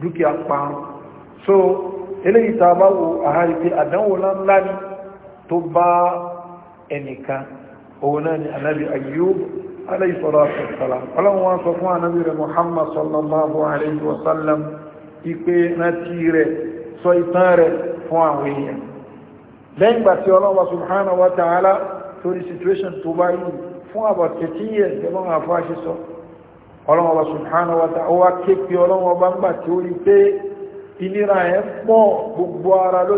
dúkìá parun so eléyìí tàbá wo àhárí pé àdánwò láńlá ni tó bá ẹnìkan òun náà ni anábi ayyub aláìsọ́láṣọ́ sọ́lá ọlọ́run wá sọ fún anábi rẹ̀ sọ ìtàn rẹ̀ fún àwọn èèyàn lẹ́yìn gbà tí ọlọ́wọ́ subhanahu wa ta'ala torí situation tó bá yìí fún about 13 years gẹ́gọ́ àwọn afọ́ àṣìṣọ́ ọlọ́wọ́ subhanahu wa ta'ala ó wá ké pé ọlọ́wọ́ bá ń gbà tí ó rí pé ìnira ẹ̀ pọ̀ gbogbo ara ló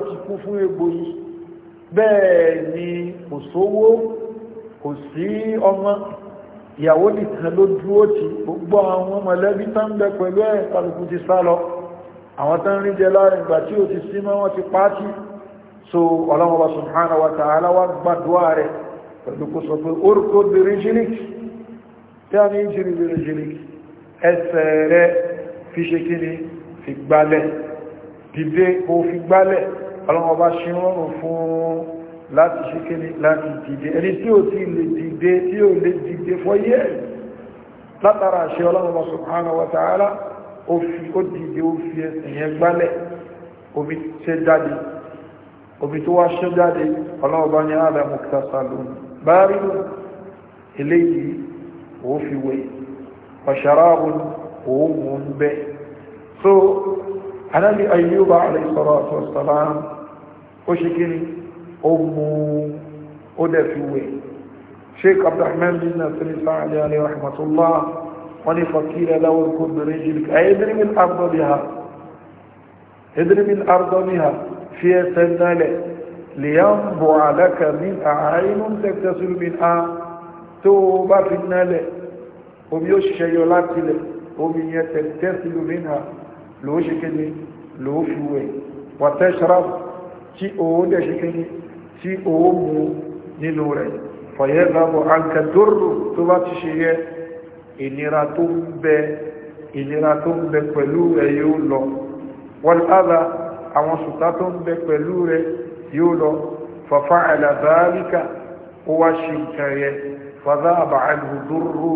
ìyàwó nìkan ló dúró ti gbogbo àwọn mọ̀lẹ́bí tá ń bẹ pẹ̀lú ẹ̀ kálukú ti sá lọ àwọn tán rí jẹ láàrin ìgbà tí ó ti sí mọ́ wọ́n ti pàátì so ọlọ́mọba subhanahu wa ta'ala wá gbàdúwà rẹ̀ pẹ̀lú kó sọ pé orúkọ bèrè jìnìk tí a ní láti ṣe kí ni láti dìde ẹni tí ó ti lè dìde tí ó lè dìde fọ́ yẹ́ látara ṣe ọlọ́mọba subhanahu wa ta'ala ó fi ó dìde ó fi ẹsẹ̀ yẹn gbálẹ̀ omi ṣe jáde omi tó wá ṣe jáde ọlọ́ọ̀bá ní ààrẹ mọ̀kítàṣà lónìí bá eléyìí ó fi wé ọ̀ṣàráàbùn òòmù ń bẹ́ so anábi ayyúbà àlẹ́sọ̀rọ̀ àtọ̀sọ̀rọ̀ ó ṣe kí ni ó mú ó dẹ̀ fi wé sheik abdulrahman bin nasir sa'ali alayhi rahmatullah wani fakira lawon kundurin jirka a idrimin arzobiha idrimin arzobiha fi ẹsẹ̀ nálẹ̀ liyan bọ̀ alaka min a àìrùn tẹ́kẹ́sùn min a tó bá fi nálẹ̀ omi ó ṣẹyọ láti lẹ̀ omi yẹn tẹ́kẹ́sùn min a ló ṣe kíni ló fi wẹ̀ wàtẹ́ṣraf tí owó dẹ̀ ṣe kíni tí owó mú nínú rẹ̀ fọ̀yẹ́ gbàbọ̀ alkadoro tó bá ti ṣe yẹ ìnira tó ń bẹ ìnira tó ń bẹ pẹ̀lú rẹ̀ yóò lọ wọ́n lára àwọn sùtá tó ń bẹ pẹ̀lú rẹ̀ yóò lọ fàfà àlàbáríkà ó wá ṣe nǹkan rẹ̀ fàdá àbàálù dúró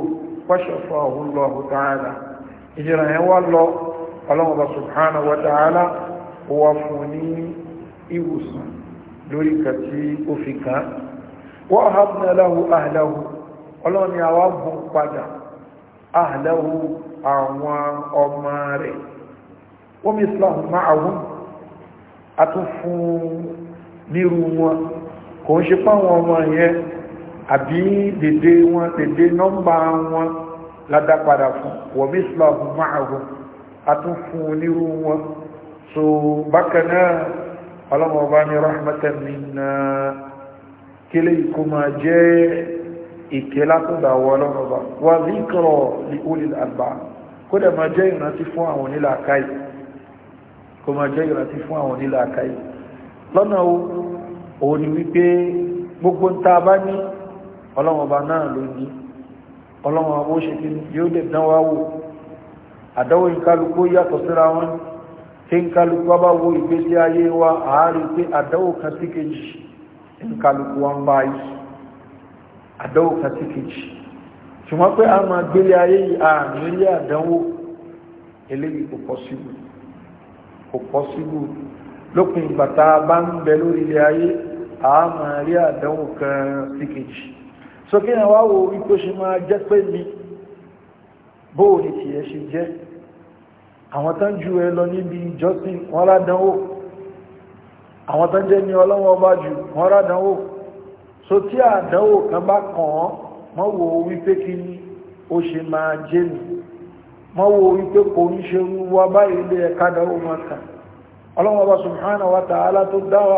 pàṣẹfà Allahu ta'ala lọ lórí kàtí ó fi kàn wọ́n hàbùnà láhù àhìláhù ọlọ́ni àwọn bùn padà ahlahu àwọn ọmọ rẹ̀ wọ́n bí islam ma'ahum a tún fún nírú wọn kò ń ṣe páwọn ọmọ yẹn àbí dèdè wọn dèdè nọ́mbà wọn ládápadà fún wọ́n islam ma'ahum a tún nírú wọn so bákanáà ọlọ́mọba ní rahmatan minna kílé ìkó jẹ́ ìkẹ́ látọ̀dọ̀ àwọn ọlọ́mọba wà ní kọ̀rọ̀ ní olè àgbà kó dẹ̀ máa jẹ́ ìrántí fún àwọn onílàákàyè kó máa jẹ́ ìrántí fún àwọn onílàákàyè lọ́nà òun ni wípé gbogbo ń ta bá ní ọlọ́mọba náà ló ní ọlọ́mọba ó ṣe kí yóò lè dán wá wò wa àárí pé àdánwò kan sí kejì àdánwò kàtí kejì pe pé a máa gbélé ayé yìí àmì ilé àdánwò eléyìí kò pọ́síbù kò pọ́síbù lópin ìgbà tá a bá ń bẹ lórí ilé ayé a máa rí àdánwò kan sí kejì sókè náà wá wo wípé ṣe máa jẹ́ pé mi bóò ní tiẹ̀ ṣe jẹ́ àwọn tán ju ẹ lọ níbi ìjọsìn wọ́n rádánwò àwọn tán jẹ́ ní ọlọ́wọ́ bá jù wọ́n rádánwò so tí àdánwò kan bá kàn án mọ́ wo wípé kí ó ṣe máa jẹ́ mi mọ́ wo wípé kò ń ṣe wíwá báyìí lé ẹ̀ka àdánwò máa kàn ọlọ́wọ́ bá subhanahu wa ta'ala tó dáwà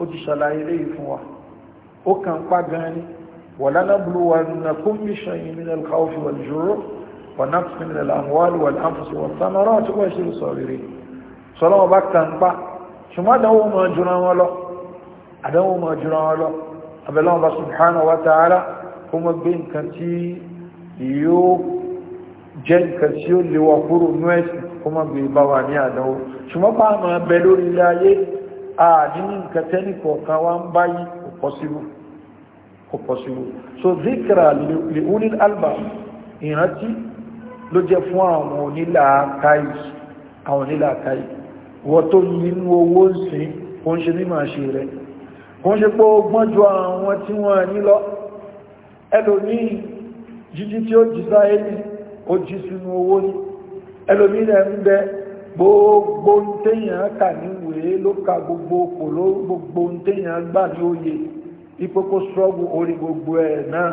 ó ti ṣàlàyé léyìí fún wa ó kàn pa gan ni ولنبلونكم بشيء من الخوف والجوع ونقص من الأموال والأنفس والثمرات وبشر الصابرين صلى الله عليه وسلم ṣùgbọ́n àdánwò máa jùra wọn lọ àdánwò máa jùra wọn lọ abẹ́lọ́wọ́ bá subhanahu wa ta'ala kó mọ́ gbé nǹkan tí yóò jẹ́ nǹkan tí ó lè wà kúrò ní ẹ̀sìn kó mọ́ gbé bá wà ní àdánwò ṣùgbọ́n bá àmà bẹ lórí ilé ayé ààdí ní ń báyìí kò pọ́síbù ṣe rẹ̀ kún ṣe pé ó gbọ́n ju àwọn tí wọ́n ní lọ ẹlòmí jíjí tí ó jí sáyé ní ó jí sínú owó ní ẹlòmí rẹ̀ ń bẹ gbogbo téèyàn kà níwèé ló ka gbogbo kò ló gbogbo téèyàn gbà ní òye ìpókó strọ́gù orí gbogbo ẹ̀ náà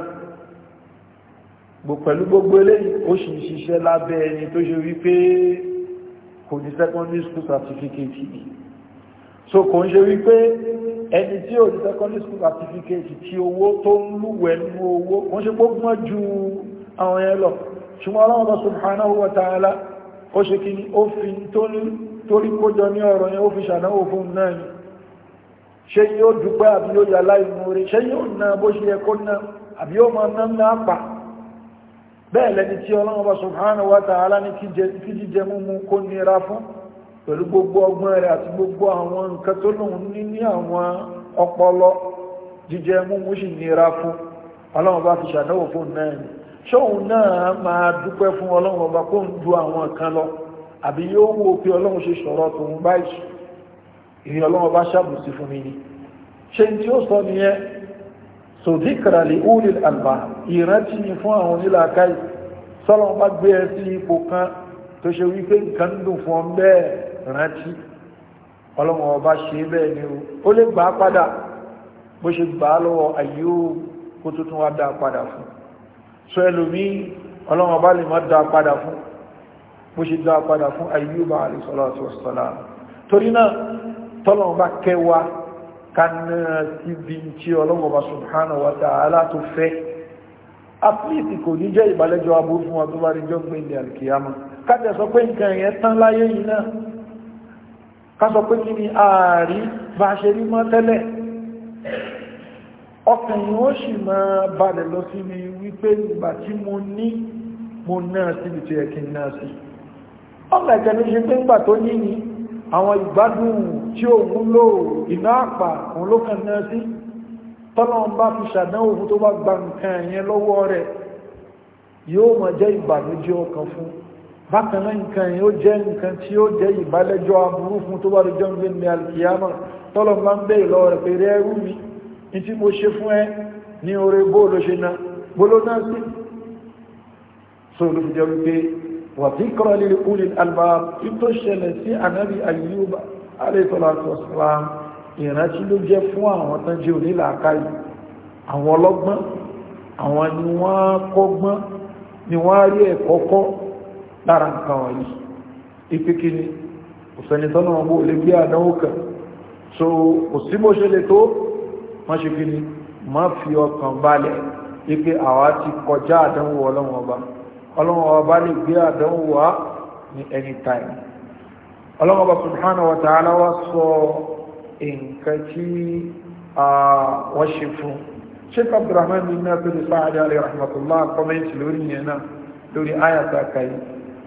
pẹ̀lú gbogbo eléyìí ó sì ṣiṣẹ́ lábẹ́ ẹni tó ṣe wípé kò ní secondary school certificate yìí so kò ń ṣe wípé ẹni tí ò ní secondary school certificate ti owó tó ń lúwẹ̀ nú owó wọ́n ṣe gbógbọ́n ju àwọn yẹn lọ ṣùgbọ́n ọlọ́wọ́ subhanahu wa ta'ala ó ṣe kí ni ó fi torí kójọ ní ọ̀rọ̀ yẹn ó fi ṣàdánwò fún náà ni ṣe yóò dúpẹ́ àbí yóò yà láìmúre ṣe yóò na bó ṣe yẹ kó ná àbí yóò máa ná ná pa bẹ́ẹ̀ lẹni tí ọlọ́wọ́ subhanahu wa ta'ala ní kí jíjẹ múmú kó nira fún pẹ̀lú gbogbo ọgbọ́n rẹ̀ àti gbogbo àwọn nǹkan tó lóun ní ní àwọn ọpọlọ jíjẹ múmú sì nira fún ọlọ́run bá fi ṣàdánwò fún náà ni ṣóun náà máa dúpẹ́ fún ọlọ́run ọba kó ń du àwọn kan lọ àbí yóò wó pé ọlọ́run ṣe sọ̀rọ̀ tòun báyìí ìrìn ọlọ́run ọba ṣàbùsí fún mi ni ṣe tí ó sọ nìyẹn sòdíkàrà lè ulil àlbà ìrántí ni fún tó ṣe wípé nǹkan dùn fún ọ bẹ́ẹ̀ rántí ọlọ́run ọba ṣe bẹ́ẹ̀ ni ó lè gbà á padà bó ṣe gbà á lọ́wọ́ Ayub kó tó tún wá dá padà fún so ẹlòmíì ọlọ́run ọba lè má dá padà fún bó ṣe dá padà fún Ayub alayhi salatu wassalam torí náà tọ́lọ́run bá kẹwa kaná síbi tí ọlọ́run subhanahu wa ta'ala tó fẹ́ àpíìtì kò ní jẹ́ ìbálẹ́jọ́ abúrú fún wa tó bá rí jọ́ gbé ilẹ̀ àlùkìyàmọ́ kájẹ̀ sọ pé kásọ pé kí ni ààrí bá ṣe rí mọ́ tẹ́lẹ̀ ọkàn yìí ó sì máa balẹ̀ lọ sí mi wípé ìgbà tí mo ní mo náà síbi tí ẹ̀kì náà sí ọ̀nà ìkẹ́ni ṣe pé ńgbà tó ní ni àwọn ìgbádùn tí ó wúlò iná àpà òun ló kàn náà sí tọ́lọ́n bá fi ṣàdánwò fún tó bá gba nǹkan ẹ̀yẹn lọ́wọ́ rẹ̀ yóò máa jẹ́ ìbànújẹ́ ọkàn fún bákan náà nǹkan yìí ó jẹ́ nǹkan tí ó jẹ́ ìbálẹ́jọ́ aburú fún tó bá lọ́jọ́ ní ní alkiyama tọ́lọ máa ń bẹ́ ìlọ rẹ̀ pé rẹ̀ rú mi ní tí mo ṣe fún ẹ ní orí bóòlò ṣe na bóòlò náà sí so ló fi jẹ́ wípé wà tí kọ́rọ̀ lè kúrì alba tó ṣẹlẹ̀ sí anabi lára nǹkan wọ̀nyí ìpìkì ni òsẹni tọ́nà ọgbó lè gbé àdánwò kan so kò sí bó ṣe lè tó wọ́n ṣe kí ni má fi ọkàn balẹ̀ wípé àwa ti kọjá àdánwò ọlọ́run ọba ọlọ́run ọba lè gbé àdánwò wá ní anytime ọlọ́run ọba subhanahu wa ta'ala wá sọ nǹkan tí wọ́n ṣe fún sheikh abdulrahman bin nasir sa'ad alayhi rahmatullah kọ́mẹ́ntì lórí yẹn náà lórí ayata kayi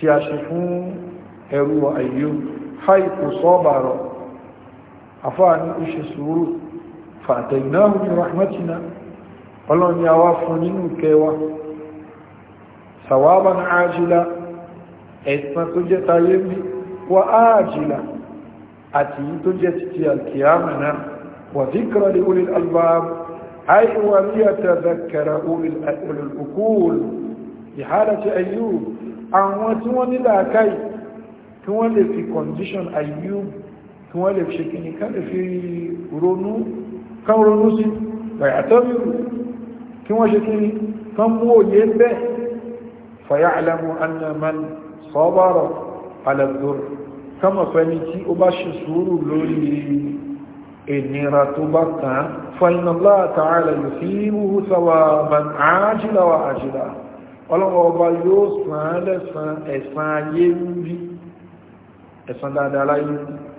tí a ṣe fún ẹrù Ayyub haiku sọ́bàrọ̀ afọ́wà ní oṣe sùúrù fàtẹ̀gbẹ̀rún ní rahmatina ọlọ́ni àwá fún nínú kẹwa sàwábàn ájílá ẹ̀sán tó jẹ́ tayé bí wà ájílá àti yí tó jẹ́ títí alkiyama wà zíkra lè ulil albab aiwa àwọn tí wọ́n nílà àkáì kí wọ́n lè fi condition ayub kí wọ́n lè fi ṣe kí ní ká lè fi ronú kán ronú sí fàyàtọ́bìrù kí wọ́n ṣe kí ní kán mú òye bẹ́ẹ̀ fàyàlamu annaman sọ́bárọ̀ alàdùr kama fẹ́ni tí ó bá ṣe sùúrù lórí ìnira tó bá kàn fàyìnàlá ta'ala yusibuhu sawaban ajila wa ọlọ́wọ́ ọba yóò sàn án lẹ́sàn ẹ̀sàn ayé ń bí ẹ̀sàn dáadáa láyé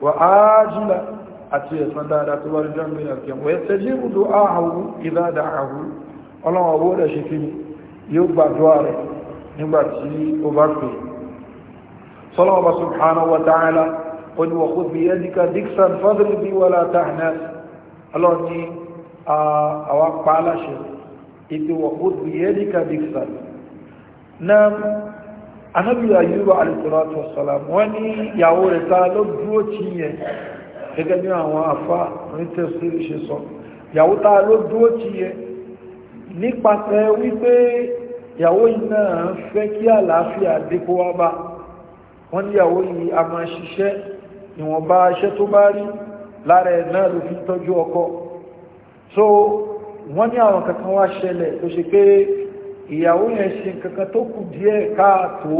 wà á jùlọ àti ẹ̀sàn dáadáa tó wá lójọ́ mìíràn kí wọ́n ẹ̀sẹ̀ jí ibùdó ààhù ìdáadà ààhù ọlọ́wọ́ ọba rẹ̀ ṣe kíni yóò gbàdúrà rẹ̀ nígbà tí ó bá pè sọlọ́wọ́ ọba subhanahu wa wọ́n kó bí yadika dixon fadri bí wala tahnas ọlọ́ni àwọn pa aláṣẹ ìpè wọ́n kó bí yadika dixon na anabi ayuba alisalatu wasalam wani ní ìyàwó rẹ̀ ta ló dúró tí yẹn gẹ́gẹ́ bí àwọn afá onítẹ̀sí ṣe sọ ìyàwó ta ló dúró tí yẹn nípasẹ̀ wípé ìyàwó yìí náà fẹ́ kí àlàáfíà dípò wá bá wọ́n ní ìyàwó yìí a máa ṣiṣẹ́ ìwọ̀nba iṣẹ́ tó bá rí lára ẹ̀ náà ló fi tọ́jú ọkọ so wọ́n ní àwọn kankan wá ṣẹlẹ̀ tó ṣe pé ìyàwó yẹn ṣe kankan tó kù díẹ̀ káàtó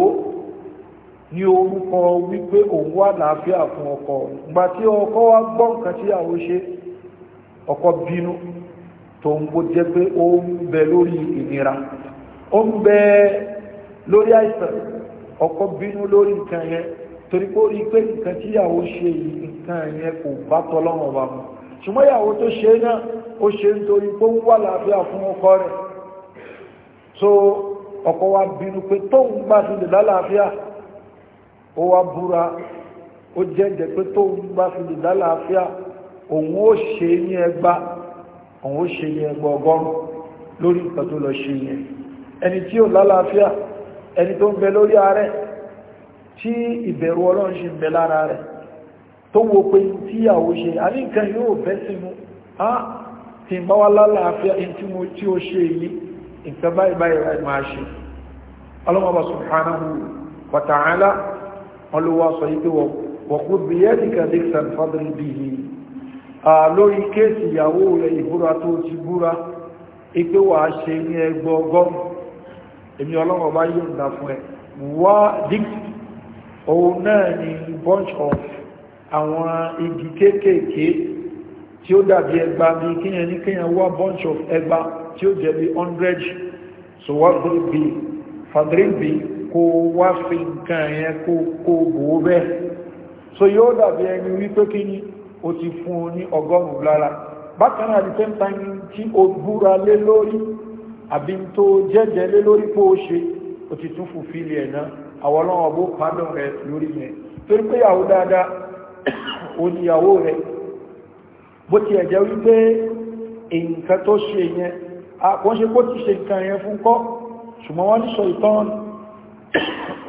ní orúkọ wípé òun wà láàáfíà fún ọkọ ìgbà tí ọkọ̀ wá gbọ́ tí ṣe ọkọ bínú tó ń bó jẹ́ pé ó ń bẹ lórí ìnira ó ń bẹ lórí àìsàn ọkọ bínú lórí nǹkan yẹn torí pé ó rí pé nǹkan tí ọba mu ṣùgbọ́n ìyàwó tó ṣe náà ó ṣe nítorí pé ó ń wà láàáfíà fún so ọkọ wa bínú pé tóun bá fi lè lálàáfíà ó wá búra ó jẹ́jẹ́ pé tóun bá fi lè lálàáfíà òun ó ṣe ní ẹgbá òun ó ṣe ní ẹgbá ọgọ́rùn lórí nǹkan tó lọ ṣe yẹn ẹni tí ò lálàáfíà ẹni tó ń bẹ lórí ààrẹ tí ìbẹ̀rù ọlọ́run ṣe ń bẹ lára rẹ̀ tó wo pé tíyàwó ṣe a nǹkan yóò bẹ́ sínú á ah, tí ń bá wá lálàáfíà tí mo tí ó ṣe yìí nǹkan báyìí báyìí báyìí máa ṣe ọlọ́mọba subhanahu wa ta'ala wọn ló wá sọ yí pé wọ̀kú bí yadika dixon fadri bihi lórí kéèsì ìyàwó rẹ̀ ìbúra tó ti búra ipé wàá ṣe ní ẹgbọ́ ọgọ́rùn èmi ọlọ́mọba yóò ń dà tí ó dàbí ẹgba bí kíyàn ní kíyàn wá bunch of ẹgba tí ó jẹ́ bí 100 so wá gbé bí fadrin bí kó wá fi nǹkan yẹn kó kó bò bẹ́ẹ̀ so yóò dàbí ẹni wípé kí ni ó ti fún un ní ọgọ́rùn lára bákan náà the time tí o búra lé lórí àbí tó jẹ́jẹ́ lé lórí pé ó ṣe ó ti tún fùfílì ẹ̀ náà àwọn ọlọ́wọ́ bó pàdọ̀ rẹ̀ lórí yẹn torí pé yàwó dáadáa ó ní yàwó rẹ̀ bó ti ẹ̀jẹ́ wípé nǹkan tó ṣe yẹn àkọ́ ṣe kó ti ṣe nǹkan yẹn fún kọ́ ṣùgbọ́n wọ́n ní ṣaitan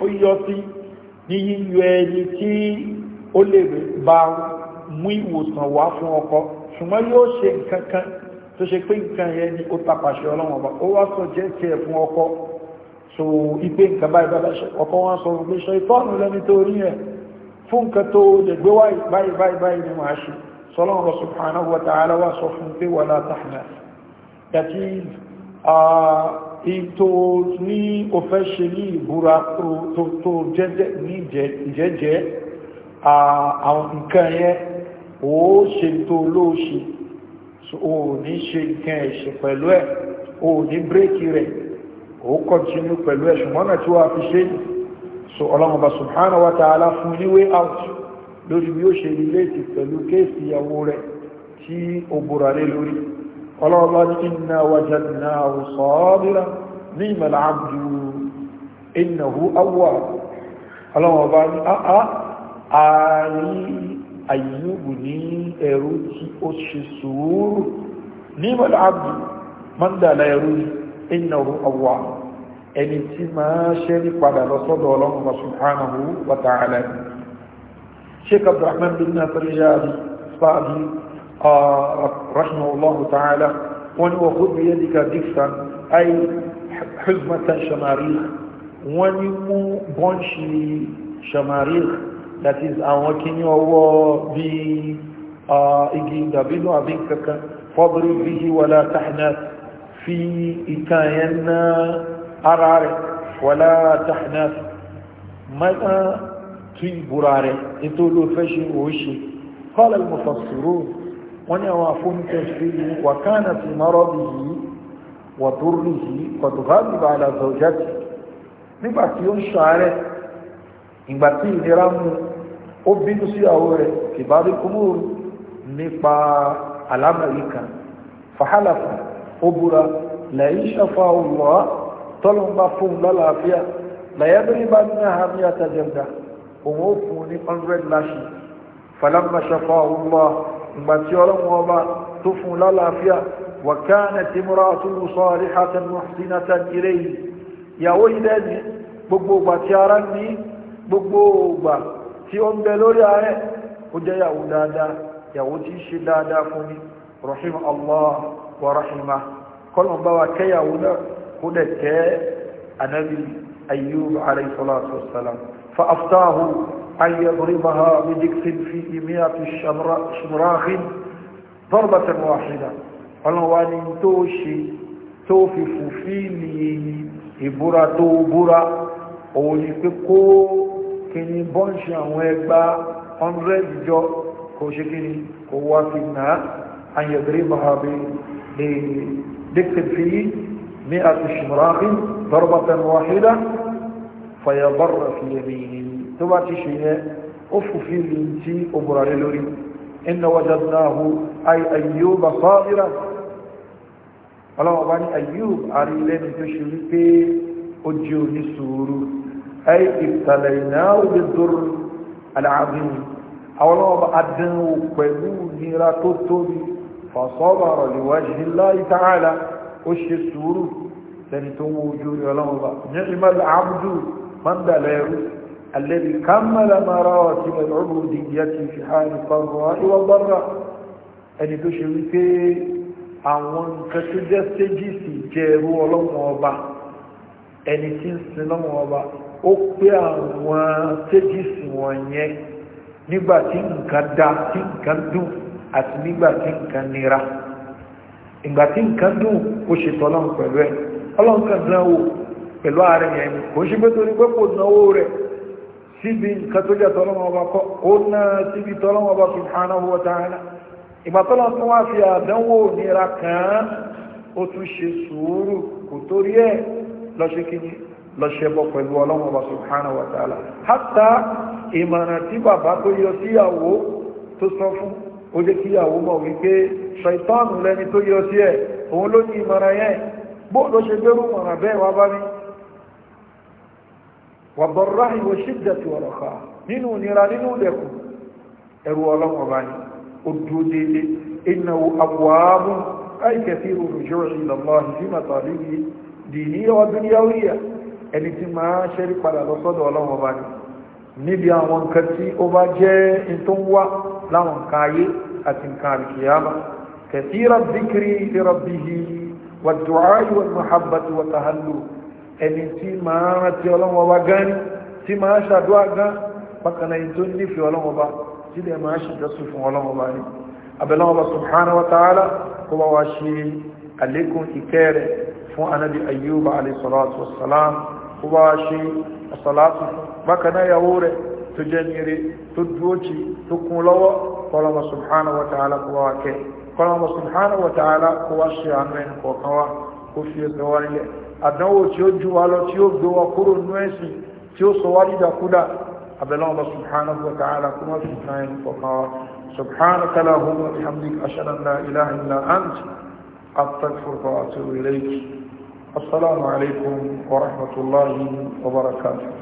ó yọ sí ní yíyọ ẹni tí ó lè bá mú ìwòsàn wá fún ọkọ ṣùgbọ́n yóò ṣe nǹkan kan tó ṣe pé nǹkan yẹn ni ó tapàṣẹ ọlọ́wọ̀n ọba ó wá sọ jẹ́ tiẹ̀ fún ọkọ so ipe nǹkan báyìí bá ṣe ọkọ wọn sọ pé ṣaitan lẹ́ni tó rí ẹ̀ fún nǹkan tó lè gbé wáyìí báyìí báyìí ni màá ṣe sọlọ́run subhanahu wa ta'ala wá sọ fún pé wala tahnas That tàbí ìtò ní òfẹ́ ṣe ní ìbúra tó jẹ́jẹ́ uh, àwọn nǹkan yẹn ó ṣe tó lóòṣì ó ní ṣe nǹkan ẹ̀ṣẹ̀ pẹ̀lú ẹ̀ ó ní bírèkì rẹ̀ ó kọ̀tínú pẹ̀lú ẹ̀ ṣùgbọ́n tí wà fi ṣe so ọlọ́mọba subhanahu wa ta'ala fún ní way out lórí bí ó ṣe relate pẹ̀lú kéèsì ìyàwó rẹ̀ tí ó búra lé lórí ọlọ́ọ̀lọ́ ní iná wàjá náà sọ́ọ́bíra ní ìmọ̀lá àbjú ináhú awà ọlọ́wọ̀n bá ní ààrí àyíyùgbù ní ah, ah, ẹ̀rú tí ó ṣe sùúrù ní ìmọ̀lá àbjú mọ́ndàlá ẹ̀rú ináhú awà قال رحمه الله تعالى وان وخذ بيدك دفا أي حزمة شماريخ وان يمو بونشي شماريخ that is àwọn kíní ọwọ́ bí igi ìdàbínú àbí kankan fọ́bírí bí i wà látàhánà fi ìkàyẹn na ara rẹ̀ wà látàhánà mẹ́ta tún ìbúra rẹ̀ nítorí olófẹ́ ṣe òóṣe wọ́n ní àwọn àfúnitẹ̀ sí wàkánà ti mọ́rọ́ bí yìí wọ̀túrú yìí kọ̀tùfáàbì bá àlàzọ̀ jáde nígbà tí ó ń ṣàárẹ̀ ìgbà tí ìnira mú ó bínú sí àwọ̀ rẹ̀ kìbárí kúmúrú nípa alámẹ̀rí kan fàhálàfà ó búra lẹ́yìn ṣàfà òwúrọ̀ tọ́lọ́mbà fún lọ́làáfíà lẹ́yẹ́bìrì bá ní ìgbà tí ọlọ́run ọba tó fún lálàáfíà wa kanat imra'atuhu salihatan muhsinatan ilayhi ìyàwó ilẹ̀ ní gbogbo ìgbà tí ara ní gbogbo ìgbà tí ó ń bẹ lórí ààrẹ ó jẹ́ ìyàwó dáadáa ìyàwó tí ṣe dáadáa fún mi rahim allah wa rahima kọlọ̀n bá wa kẹ́yàwó náà kó dẹ̀ kẹ́ anabi ayyub alayhi salatu wassalam fa aftahu أن يضربها بذكر في إمئة شمراخ ضربة واحدة فلو أن توشي توفف في لين إبرة وبرة ويقو كني بانشا ويقبا أنرد جو كوشي كني كواتنا أن يضربها بذكر في مئة شمراخ ضربة واحدة فيضر في يمينه tó bá ti ṣe yẹn ó fòfí lè tí ó bọ̀rọ̀ rẹ lórí inna wajadnahu ay ayyuba sabira ọlọ́wọ́ bá ní ayyub arílẹ́ni tó ṣe wípé ó jẹ́ òní sùúrù ay ibtalaynahu bidur al'azim àwọn ọlọ́wọ́ bá adánwò pẹ̀lú ta'ala ó ṣe sùúrù sẹni tó wo ojú ọlọ́wọ́ bá ní ìmọ̀lẹ̀ àbúdù mọ́ndàlẹ́rù الذي كمل مراتب العبودية في حال الضراء والضراء ẹni tó ṣe wípé àwọn nǹkan tó jẹ́ stéjìsì jẹ́ ẹrú ọlọ́wọ́n ọba ẹni tí ń sin lọ́wọ́n ọba ó pé àwọn stéjìsì wọ̀nyẹn nígbà tí nǹkan da tí nǹkan dùn àti nígbà tí nǹkan nira ìgbà tí nǹkan dùn ó ṣe tọ́lọ́run pẹ̀lú ẹ̀ ọlọ́run kan náà wò pẹ̀lú ààrẹ yẹn kò ṣe pé torí pé kò náwó rẹ̀ síbi nǹkan tó jẹ́ tọ́lọ́wọ́ ọba kọ́ ó ná síbi tọ́lọ́wọ́ ọba subhanahu wa ta'ala ìgbà tọ́lọ́ tó wá fi àdánwò nira kan ó tún ṣe sùúrù kò torí ẹ̀ lọ́ṣẹ́ kìíní lọ́ṣẹ́ bọ́ pẹ̀lú ọlọ́wọ́ ọba subhanahu wa ta'ala hatta ìmọ̀ràn tí bàbá tó yọ síyàwó tó sọ fún ó jẹ́ kíyàwó mọ̀ wípé ṣàìtọ́nù lẹni tó yọ sí ẹ̀ òun ló ní ìmọ̀ràn yẹn bó ló ṣe gbérù bẹ́ẹ̀ wá bá mi wàbọ̀rọ̀ ìwọ̀ ṣídà tí wọ́n rọ̀kọ́ nínú nira nínú lẹ́kùn ẹ̀rù ọlọ́wọ́ bá ní ó dúró déédéé iná àwọ̀ábù àìkẹfì òrùjọ́ ìlọ́lọ́ ìfìmà tàbí dìní ọdún yáwíyà ẹni tí máa ṣẹ́rí padà lọ́sọ́dọ̀ ọlọ́wọ́ bá ní ẹni tí máa rántí ọlọ́wọ́ bá gán ní tí máa ṣàdúrà gán bákan ẹni tó nífẹ̀ẹ́ ọlọ́wọ́ bá tí lè máa ṣèjọsìn fún ọlọ́wọ́ bá ní abẹ́lọ́wọ́ bá subhanahu wa ta'ala kó bá wá ṣe àlékún ìkẹ́ rẹ̀ fún anabi ayyuba alayhi salatu kó bá wá ṣe àdánwò tí ó jù wá lọ tí ó gbé wa kúrò nú ẹ̀sìn tí ó sọ wá dídàkúdà abẹ́lẹ́ ọba subhanahu wa ta'ala kuma fi kan ẹni kọ̀kan wa subhanahu kala homo alhamdik asharanda ilaha illa ant astaghfiruka wa atubu ilayk assalamu alaikum wa rahmatullahi wa barakatuh